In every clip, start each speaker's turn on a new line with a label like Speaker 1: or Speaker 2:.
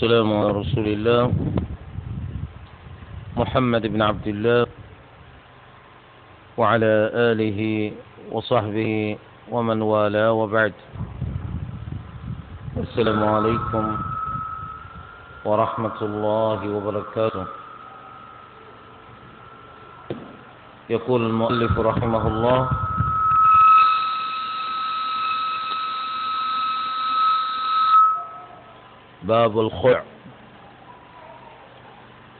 Speaker 1: والسلام على رسول الله محمد بن عبد الله وعلى آله وصحبه ومن والاه وبعد السلام عليكم ورحمة الله وبركاته يقول المؤلف رحمه الله باب الخلع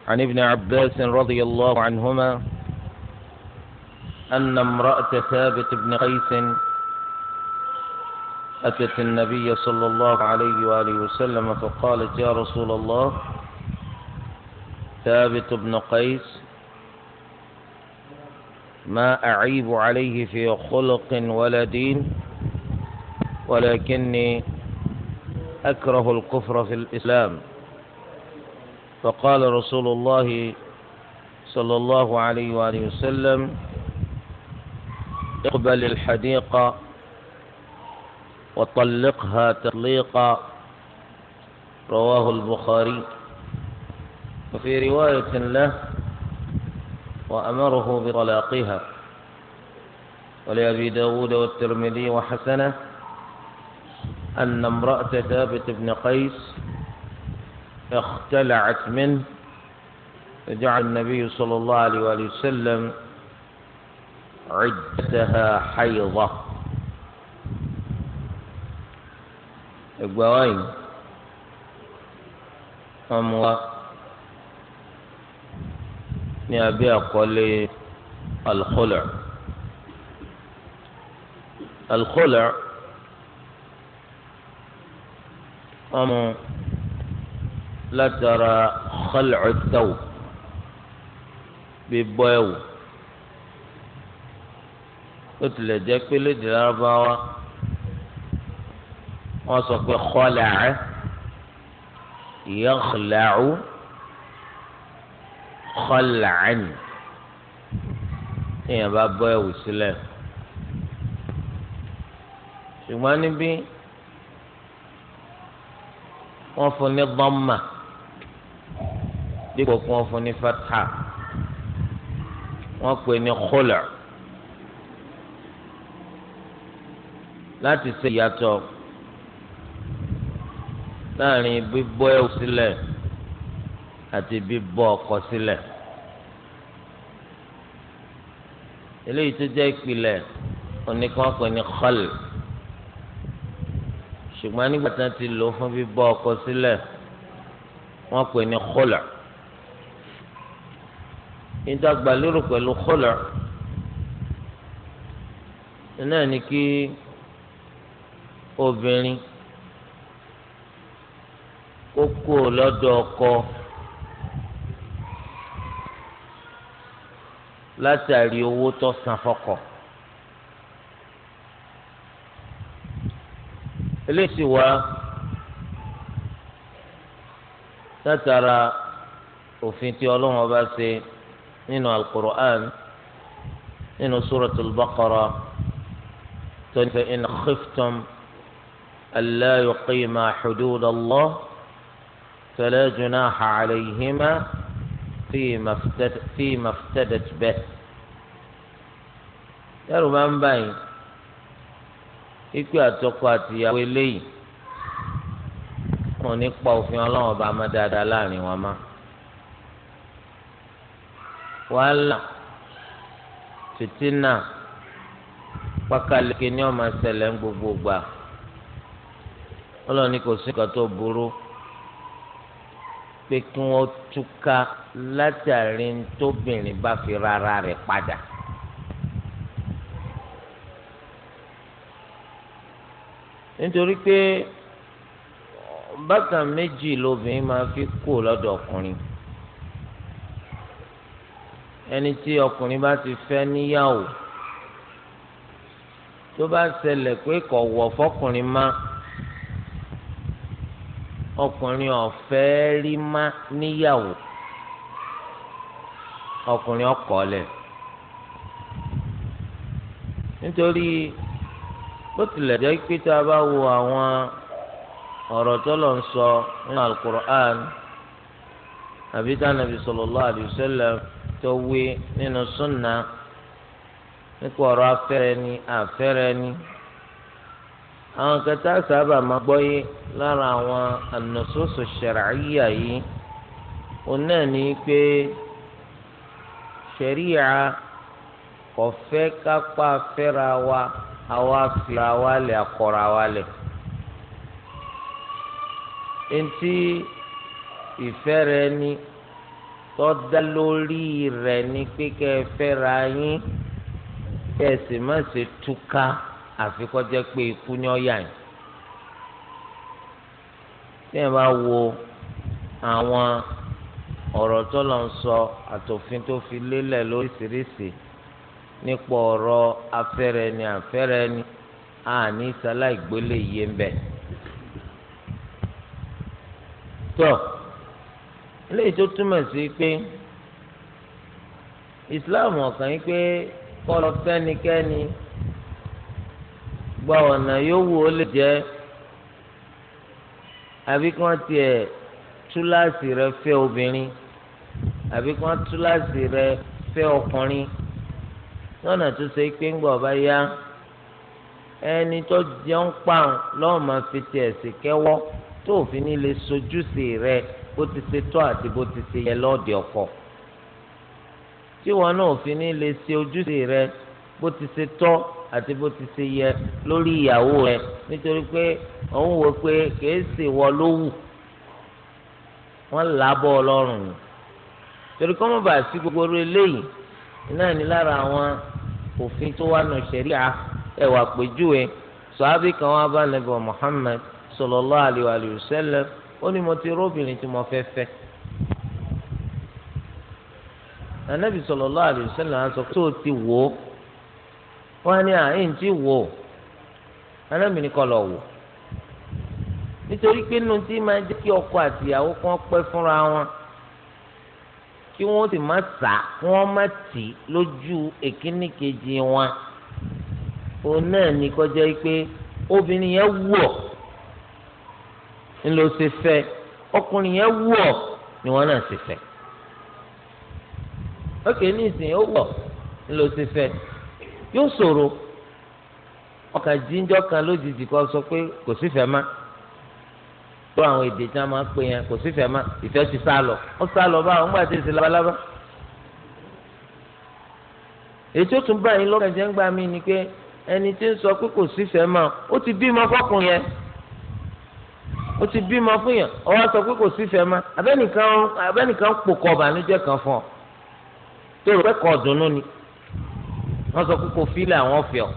Speaker 1: عن ابن عباس رضي الله عنهما أن امرأة ثابت بن قيس أتت النبي صلى الله عليه وآله وسلم فقالت يا رسول الله ثابت بن قيس ما أعيب عليه في خلق ولا دين ولكني أكره الكفر في الإسلام فقال رسول الله صلى الله عليه وآله وسلم اقبل الحديقة وطلقها تطليقا رواه البخاري وفي رواية له وأمره بطلاقها ولأبي داود والترمذي وحسنه أن امرأة ثابت بن قيس اختلعت منه فجعل النبي صلى الله عليه وآله وسلم عدتها حيضة إبواين أموات ní abẹ́ àkọlé الخلع الخلع wọ́n mú látara xọlẹ̀ tẹ̀wò bí bọ́ ẹ̀wò ó tilẹ̀ jẹ́ pé lédè lárúbáwá wọ́n sọ pé xọlẹ̀ yẹ̀xlẹ̀wò xọlẹ̀ ẹ̀yìn èèyàn bá bọ́ ẹ̀wò sílẹ̀ ṣùgbọ́n níbí wọ́n fún ní dhamma dípò kí wọ́n fún ní fatha wọ́n pè ní khula láti ṣe ìyàtọ̀ láàrin bíbọ́ ẹ̀wù sílẹ̀ àti bíbọ́ ọkọ sílẹ̀ eléyìí tó jẹ́ ìpìlẹ̀ oníkan pè ní khul ṣùgbọ́n nígbà tí wọ́n ti lò ó fún bíbọ́ ọkọ sílẹ̀ wọ́n pè ní khulu' ìdàgbà lérò pẹ̀lú khulu' náà ni kí obìnrin kó kú lọ́dọ̀ ọkọ látàrí owó tó san fọ́kọ. eléyìí wá tátara òfin tí ọlọ́run ọba ṣe nínú alukur'an nínú suratul baqara tó ní fa in khiftum alla yuqima hududallah fala junaha alayhima fima iftadat bẹ́ẹ̀. yàrá o máa ń báyìí. ikú àtọkọ àtìyàwó eléyìí wọn ní pa òfin ọlọ́wọ́n bá má dáadáa láàrin wọn má. wàhálà fìtínà pákàlẹ́kẹ́ ni ọmọ ṣẹlẹ̀ ń gbogbo gbà ọlọ́ọ̀ni kò sí nǹkan tó burú pé kí wọ́n túká látàrí tóbìnrin bá fi rárá rẹ̀ padà. nítorí pé bákan méjì lobìnrin máa fi kó lọ́dọ̀ ọkùnrin ẹni tí ọkùnrin bá ti fẹ́ níyàwó tó bá ṣẹlẹ̀ pé kò wọ̀ fọkùnrin má ọkùnrin ọ̀fẹ́ rí má níyàwó ọkùnrin ọkọ̀ lẹ̀ nítorí bó tilẹ̀ jẹ́ pé tá a bá wo àwọn ọ̀rọ̀ tó lọ ń sọ nínú alukur'an àbí tá nàbì sallallahu alaihi wasallam tó wí nínú súnà nípa ọ̀rọ̀ afẹ́rẹ́ ni àfẹ́rẹ́ ni àwọn kẹta sábà máa gbọ́ yé lára àwọn ànàsóso ṣẹ̀ráyà yìí òun náà ní pé ṣẹ̀ríyà kò kápá fẹ́ra wa àwa fìlà wa lẹ̀ akọ̀ra wa lẹ̀ eŋti ìfẹ́ rẹ ni tọ́da lórí rẹ ni pé kẹ́ ẹ fẹ́ra yín kẹ́ ẹ sì ṣe túká àfi kó pé ikú ni ó yà yín ẹ bá wo àwọn ọ̀rọ̀ tó lọ sọ àtòfin tó fi lélẹ̀ lóríṣiríṣi nípa ọ̀rọ̀ afẹ́rẹ́ ni afẹ́rẹ́ ni àní sáláì gbélé yé ń bẹ̀. tọ́ eléyìí tó túmọ̀ sí pé Islam ọ̀kan yìí pé kọ́lọ́ fẹ́nikẹ́ni gba ọ̀nà yóò wù ó lè jẹ́ àbí kí wọ́n tiẹ̀ túláàsì rẹ fẹ́ obìnrin àbí kí wọ́n túláàsì rẹ fẹ́ ọkùnrin lọ́nà tó ṣe pé ńgbà ọba yá ẹni tó jẹun pààrùn lọ́wọ́ máa fi tiẹ̀ sí kẹ́wọ́ tó òfin ní lè sojúṣe rẹ bó ti ṣe tọ́ àti bó ti ṣe yẹ lọ́ọ̀dẹ̀ ọkọ tí wọn náà òfin ní lè ṣe ojúṣe rẹ bó ti ṣe tọ́ àti bó ti ṣe yẹ lórí ìyàwó rẹ nítorí pé òun wò pé kìí ṣe wọ ló wù wọn làbọ Ọlọ́run torí kọ́mọ̀bà sí gbogbo eléyìí náà ní lára àwọn òfin tó wà nù ṣẹ̀ríà ẹ̀wà pèjúwe sọ́ábì kan wá bá nàbẹ̀ Muhammad sallallahu alaihi wa sallam ó ní mo ti róbìnrin tí mo fẹ́ fẹ́. anabi sallallahu alaihi sọ ti wò ó wọn ní àyìn wò ó anabi ní kó lọ wò nítorí pé nínú ma máa jẹ́ kí ọkọ àtìyàwó kan pẹ́ fúnra kí wọ́n sì má sà kí wọ́n má tì lójú èkíní kejì wọn òun náà ní kọjá pé obìnrin yẹn wù ńlọ ṣe fẹ́ ọkùnrin yẹn ni wọ́n náà ṣe ní ìsìn ńlọ yóò kan sọ pé kò tó àwọn èdè tí wọn máa ń pè yẹn kò sífẹ̀ẹ́ má ìfẹ́ ti sá lọ ó sá lọ báwọn ń gbà tí èsì labalábá. ètò tún báyìí lọ́kàn jẹ́ ń gbà mí ni pé ẹni tí ń sọ pé kò sífẹ̀ẹ́ má ó ti bímọ fọkùn yẹn ó ti bímọ fún yàn ọwọ́ sọ pé kò sífẹ̀ẹ́ má abẹ́nìkan abẹ́nìkan pòkọ ọ̀bànújẹ́ kan fún ọ tó rò pé kọ̀ ọ̀dùnnú ni wọ́n sọ pé kò fílẹ̀ àwọn ọ̀fẹ́ ọ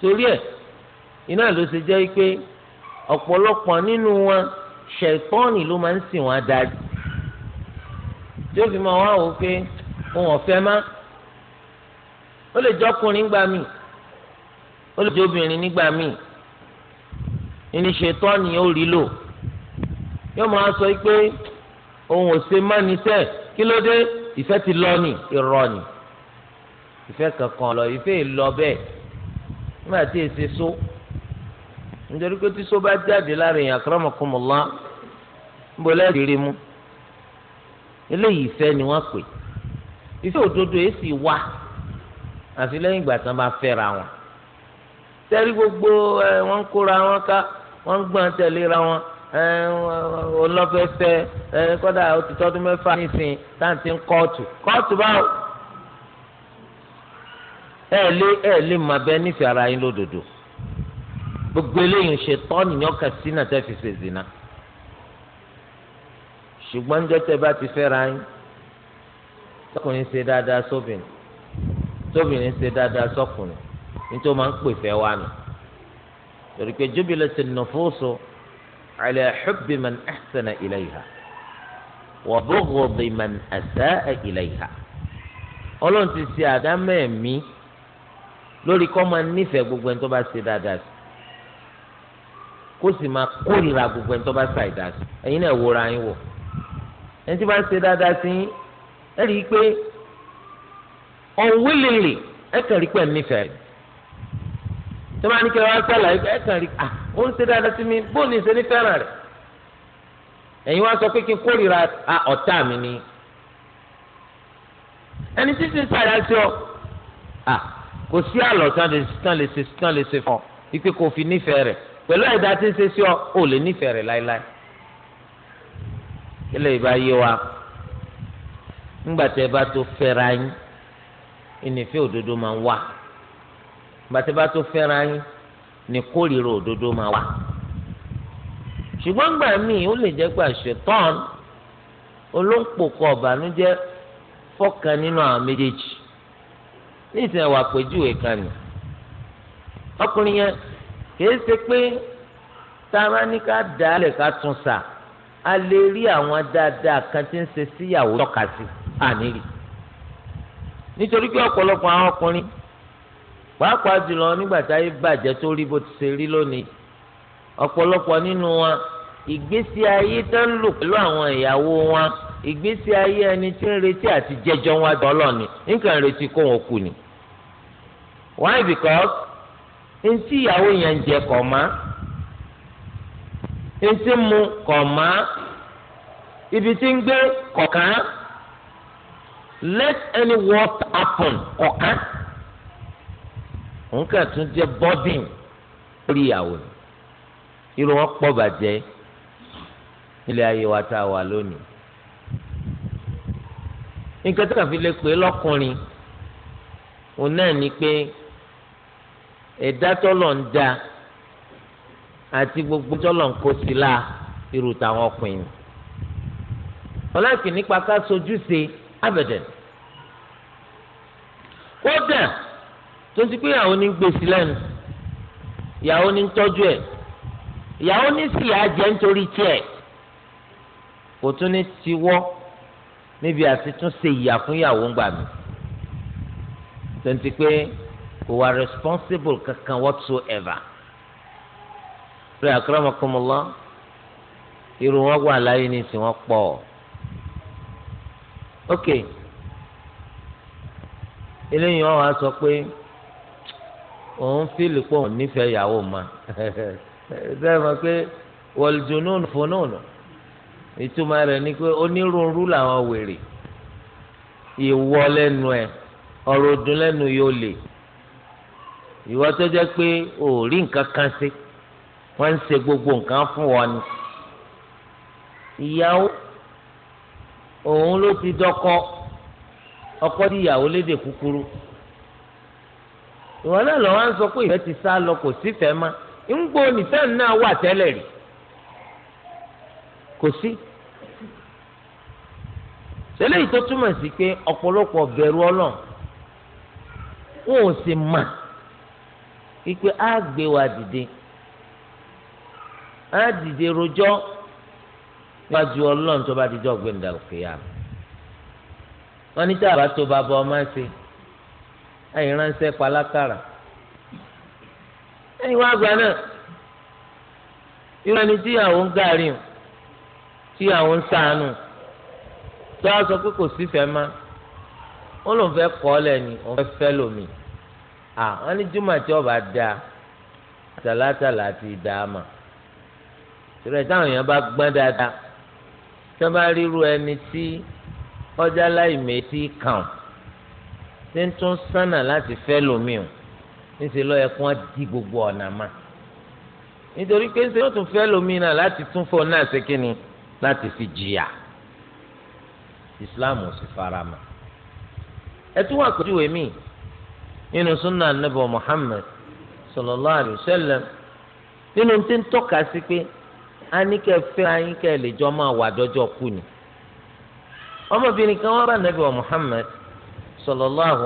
Speaker 1: torí ẹ̀ iná ló ṣe jẹ́ pé ọ̀pọ̀lọpọ̀ nínú wọn ṣẹ̀tọ́ọ̀nì ló máa ń sìn wọn dájú tí ó fi máa wá wò pé òun ọ̀fẹ́ má ó lè jọkùnrin nígbà míì ó lè jọbìnrin nígbà míì ìní ṣẹ̀tọ́ọ̀nì ó rí lò yóò máa sọ pé òun ò ṣe má ní sẹ́ẹ̀ kí ló dé ìfẹ́ ti lọ ní irọ́ ni ìfẹ́ kankan lọ ìfẹ́ ìlọ bẹ́ẹ̀ nígbà tí èsì so. nítorí pé tí só bá jáde lára èèyàn akramakumullah ń bọ̀ lẹ́rìírí mú eléyìí ìfẹ́ ni wọ́n pè ìfẹ́ òdodo yìí sì wá àfi lẹ́yìn ìgbà tí wọn tẹ́rí gbogbo ẹ wọ́n ń kóra wọn ká wọ́n ń gbọ́n wọn ẹ ọlọ́fẹ́fẹ́ ẹ kọ́dà mẹ́fà nísìn táǹtì ń báwo ẹ lé ẹ lé màbẹ́ nífẹ̀ẹ́ ara yín lódodo. gbogbo eléyìí ṣe tọ́ọ̀nì ní ọkà sínú àti ẹ̀fì ṣe zina ṣùgbọ́n ń jẹ́tẹ̀ bá ti fẹ́ra yín tọkùnrin ṣe dáadáa sóbìn tóbìnrin ṣe dáadáa sọkùnrin nítorí máa ń pè fẹ́ wá nù torí pé jubilat an-nufusu ala hubbi man ahsana ilayha wa bughdi man asa'a ilayha ọlọ́run ti ṣe àdámẹ́ẹ̀mí lórí kọ́ máa nífẹ̀ẹ́ gbogbo ẹni tó bá ṣe dáadáa sí kó sì máa kórìíra gbogbo ẹni tó bá ṣe àìdá sí ẹ̀yin náà wòra yín wò ẹni tí bá ṣe dáadáa sí yín ẹ rí i pé unwillingly ẹ kàn rí pé ẹ̀mí fẹ́ tó bá ní kí ẹ wá sàlàyé ẹ kàn rí à ó ń ṣe dáadáa sí mi bóun ní ṣe ní fẹ́ràn rẹ̀ ẹ̀yin wá sọ pé kí n kórìíra ọ̀tá mi ni ẹni tí ti sàlàyé sí ọ kò sí àlọ́ tán lè ṣe fún ọ ipe kò fi nífẹ̀ẹ́ rẹ̀. pẹ̀lú ẹ̀dá tí ń ṣe sí ọ ò lè nífẹ̀ẹ́ rẹ̀ láéláé wa ńgbàtẹ́ bá tó fẹ́ra yín ìnífẹ́ òdodo máa wà ńgbàtẹ́ bá tó fẹ́ra yín ní kórìíra òdodo máa wà ṣùgbọ́n gbà míì ó lè jẹ́ gbà ṣetán olóńpòkọ ọ̀bànújẹ́ fọ́kàn nínú àwọn méjèèjì ní ìsìn ẹ̀wà ọkùnrin yẹn kìí ṣe pé táwa ní ká dà á lẹ̀ ká tún sà á lè rí àwọn dáadáa kan tí ń ṣe síyàwó tọ́ka sí àníyàn nítorí pé ọ̀pọ̀lọpọ̀ àwọn ọkùnrin pàápàá jùlọ nígbà táyé bàjẹ́ tó rí bó ti ṣe rí lónìí ọ̀pọ̀lọpọ̀ nínú wọn ìgbésí ayé tó ń lò pẹ̀lú àwọn ìyàwó wọn ìgbésí ayé ẹni tí ń retí àti jẹjọ́ wọn dọ́lọ́ ni nǹkan retí kó wọn kú ni. why because ntí ìyàwó yẹn ń jẹ kọ̀ má mu kọ̀ má ibi tí ń gbé kọ̀ọ̀kan let any what happen kọ̀ọ̀kan nǹkan tún jẹ bọ́dìn lórí ìyàwó irú wọn pọ̀ bàjẹ́ ilé ayé wa tá a wà lónìí nǹkan tí kàfi lè pè é lọ́kùnrin òun náà ni pé ẹ̀dá tọ́lọ̀ ń da àti gbogbo tọ́lọ̀ ń kó sí la irú táwọn ọkùnrin ọlọ́ọ̀kì nípa ká sojú ṣe abẹ̀dẹ̀ kódà tó ti pé ìyàwó ní gbèsè lẹ́nu ìyàwó ní tọ́jú ẹ̀ ìyàwó ní sì yà á jẹ́ nítorí tiẹ̀ kò tún ní tiwọ́ níbi àti tún ṣe ìyà fún ìyàwó ń gbà mí tó ti pé kò wà responsible kankan whatsoever rẹ akramakumullah irú wọn wà láyé ní ìsìn wọn pọ̀ ok eléyìí wọn wá sọ pé òun fíìlì pé nífẹ̀ẹ́ ìyàwó ma bẹ́ẹ̀ mọ̀ pé wọ̀lùdùnúùnù fònúùnù ìtumọ̀ rẹ̀ ni pé onírúurú làwọn wèrè ìwọ lẹ́nu ẹ̀ ọ̀rọ̀ òdùn lẹ́nu yóò lè. ìwọ tó pe pé o ò rí nǹkan kan wọn ń gbogbo nǹkan fún wọn ni ìyàwó òun ló ti ọkọ tí ìyàwó lédè kúkúrú ìwọ náà lọ wá ń sọ pé ti sá lọ kò si má ń gbó nìfẹ́ náà wà tẹ́lẹ̀ rí kò sí ṣẹlẹ̀ tó túmọ̀ sí pé ọ̀pọ̀lọpọ̀ bẹ̀rù Ọlọ́run wọn ò sì ipe á gbé wa dìde á dìde wa níwájú ọlọ́run tó bá dijọ́ gbẹ̀ndà òkè yá wọn ní tàbá tó bá bọ ọmọ ṣe ẹ̀yìn ránṣẹ́ palákàrà ẹ̀yìn wá gba náà irú ẹni tíyàwó ń gàrí o tíyàwó ń sànù tó a sọ pé kò sífẹ̀ẹ́ má ó lóun fẹ́ kọ́ ọ lẹ́ni òun fẹ́ fẹ́ lómi àwọn ní jùmọ̀ tí ọba da tàlátàlá ti dá a mà tìrẹ̀ táwọn èèyàn bá gbọ́n dáadáa tí wọ́n bá ríru ẹni tí ọjà láìmẹ̀ tí kàn tí ń tún sánà láti fẹ́ lómi o níṣẹ́ lọ́yẹ kí wọ́n di gbogbo ọ̀nà mà nítorí pé ṣe wọ́n tún fẹ́ lómi náà láti tún fọ́ náà ṣe kí láti fi jìyà Islam ò sì fara mọ́ ẹ tún wà pẹ̀lú ìwé míì. nínú súnà nàbì Muhammad sallallahu alaihi wasallam nínú tí ń tọ́ka sí pé a ní kẹ́ fẹ́ ayín kẹ́ lè jọ máa wà dọ́jọ́ kú ni ọmọbìnrin kan wá bá sallallahu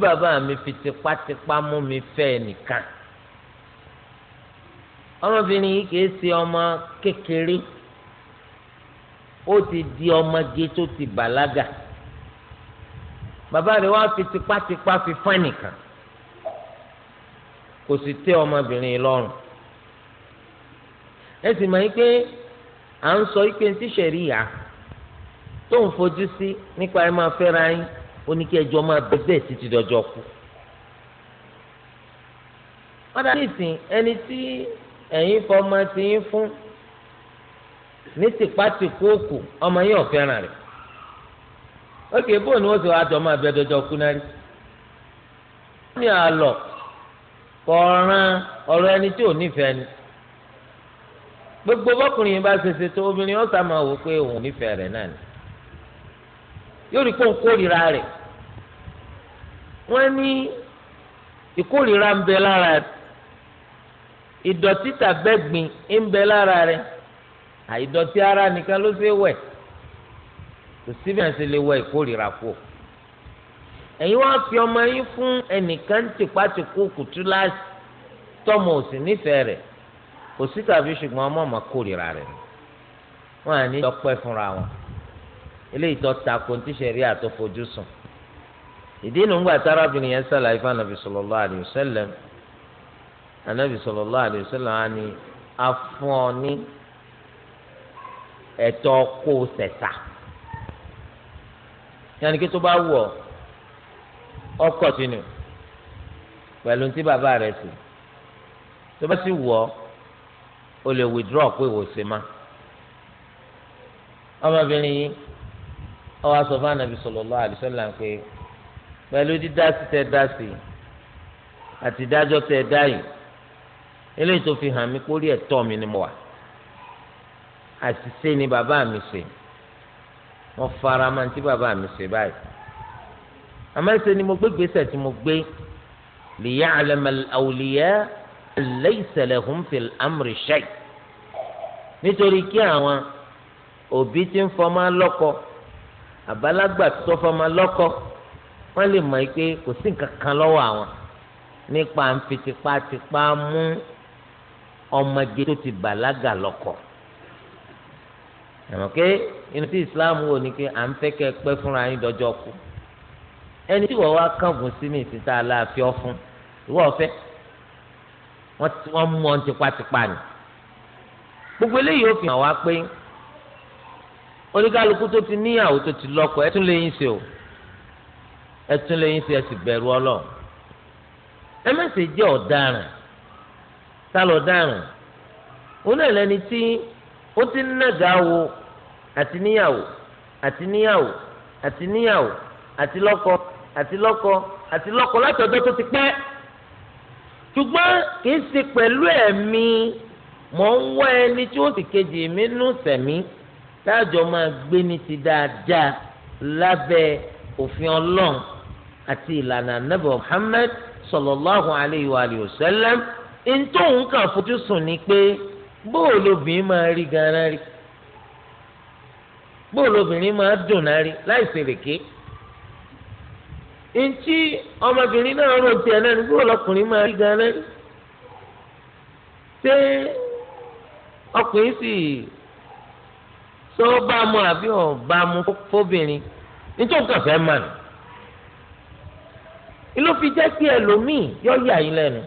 Speaker 1: bàbá mi fi tipátipá mú mi fẹ́ nìkan ọmọbìnrin yìí kìí ṣe ọmọ kékeré ti di ọmọge tó ti bàbá rẹ̀ wá fi tipátipá fi fún ẹnìkan kò sì tẹ́ ọmọbìnrin lọ́rùn ẹ sì mọ̀ pé à ń sọ pé ní tíṣẹ̀rì yá tó ń fojú sí nípa ẹ máa fẹ́ra yín ó ní kí ẹjọ́ máa bẹ bẹ́ẹ̀ títí dọjọ́ kú wọ́n dá nísìn ẹni tí ẹ̀yin fọmọ ti ń fún ní tipátipá òkú ọmọ yín ò rẹ̀ ókè bóun ni wọ́n ti wá máa bẹ dọjọ́ kú náà rí. wọ́n ní àlọ́ kọ̀ọ̀ràn ọ̀rọ̀ ẹni tí ò nífẹ̀ẹ́ ni. gbogbo bọ́kùnrin yìí bá ṣe tó obìnrin ọ̀sà máa wò pé òun náà ni. yóò rí kó ń kórìíra rẹ̀. wọ́n ní ìkórìíra ń bẹ lára rẹ̀ ara nìkan ló ṣe kò síbi àti lè wọ ìkórìíra kù ẹ̀yin wá fi ọmọ yín fún ẹnìkan tìpátìkú kùtù láti tọmọ òsì nífẹ̀ẹ́ rẹ̀ kò sí tàbí ṣùgbọ́n ọmọ ọmọ kórìíra rẹ̀ wọn à ní ọpẹ́ fúnra wọn eléyìí tó ta kò tí ṣe rí àtọ́fojú sùn ìdí inú ńgbà tí arábìnrin yẹn sàlàyé fún anabi sallallahu alaihi wasallam anabi sallallahu alaihi wasallam á ní afọ́ọ́ní ẹ̀tọ́ kó sẹ̀sà yanni kí tó bá wù ọ ọkọ sínú pẹ̀lú tí bàbá rẹ̀ sì tó bá sì wù ọ o lè withdraw pé wò sí ma ọmọbìnrin yìí ó wá sọ fún Ànábì sallallahu alaihi wasallam pé pẹ̀lú dídásí tẹ dásí àti ìdájọ́ tẹ dá yìí eléyìí tó fi hàn mí kórìí ẹ̀tọ́ mi ni mo wà àṣìṣe ni bàbá mi ṣe mo fara máa ti bàbá mi ṣe báyìí àmọ́ ẹsẹ̀ ni mo gbé gbèsè tí mo gbé liya'lama al-awliya laysa lahum fil amri shay nítorí kí àwọn òbí tí ń fọmọ lọ́kọ àbálágbà tó fọmọ lọ́kọ wọ́n lè mọ̀ pé kò sí nǹkan kan lọ́wọ́ àwọn nípa àǹfitìpá tipa mú ọmọge tó ti bàlágà lọ́kọ àmọ́ pé inú tí islam wò ni pé à ń fẹ́ kẹ́ pẹ́ fúnra yín dọ́jọ́ kú ẹni tí wọ́n wá kángun sí ní ìsìn tá a la fi ọ́ fún ìwọ ọ̀fẹ́ wọ́n mú ọ tipátipá ni gbogbo eléyìí ó fi hàn wá pé oníkálukú tó ti níyàwó tó ti lọ́kọ ẹ tún lè yín ṣe o ẹ tún lè yín ṣe ẹ sì bẹ̀rù Ọlọ́run ẹ mẹsẹ jẹ ọ̀daràn tá lọ daràn ó náà lẹni tí ó ti ń nàgà wo àti níyàwó àti níyàwó àti níyàwó àti lọ́kọ àti lọ́kọ àti lọ́kọ láti ọjọ́ tó ti pẹ́ ṣùgbọ́n kìí ṣe pẹ̀lú ẹ̀mí mọ̀ ń wá ẹni tí ó sì kejì mí nù sẹ̀mí táàjọ máa gbé ní ti dáadáa lábẹ́ òfin ọlọ́run àti ìlànà ànábì Muhammad sallallahu alayhi wa alihi wa sallam ntòun kan fojú sùn ni pé bóòlù obìnrin máa rí ganan rí bóòlù obìnrin máa dùn náà rí láì ṣèrèké ntí ọmọbìnrin náà rò tiẹ̀ náà ní bóòlù ọkùnrin máa rí ganan rí ṣé ọkùnrin sì tó bá mu àbí ọ̀ bá mu fóbìnrin nítorí kàn fẹ́ mà nù ìlú fi jẹ́ kí ẹlòmíì yọ yà yín lẹ́nu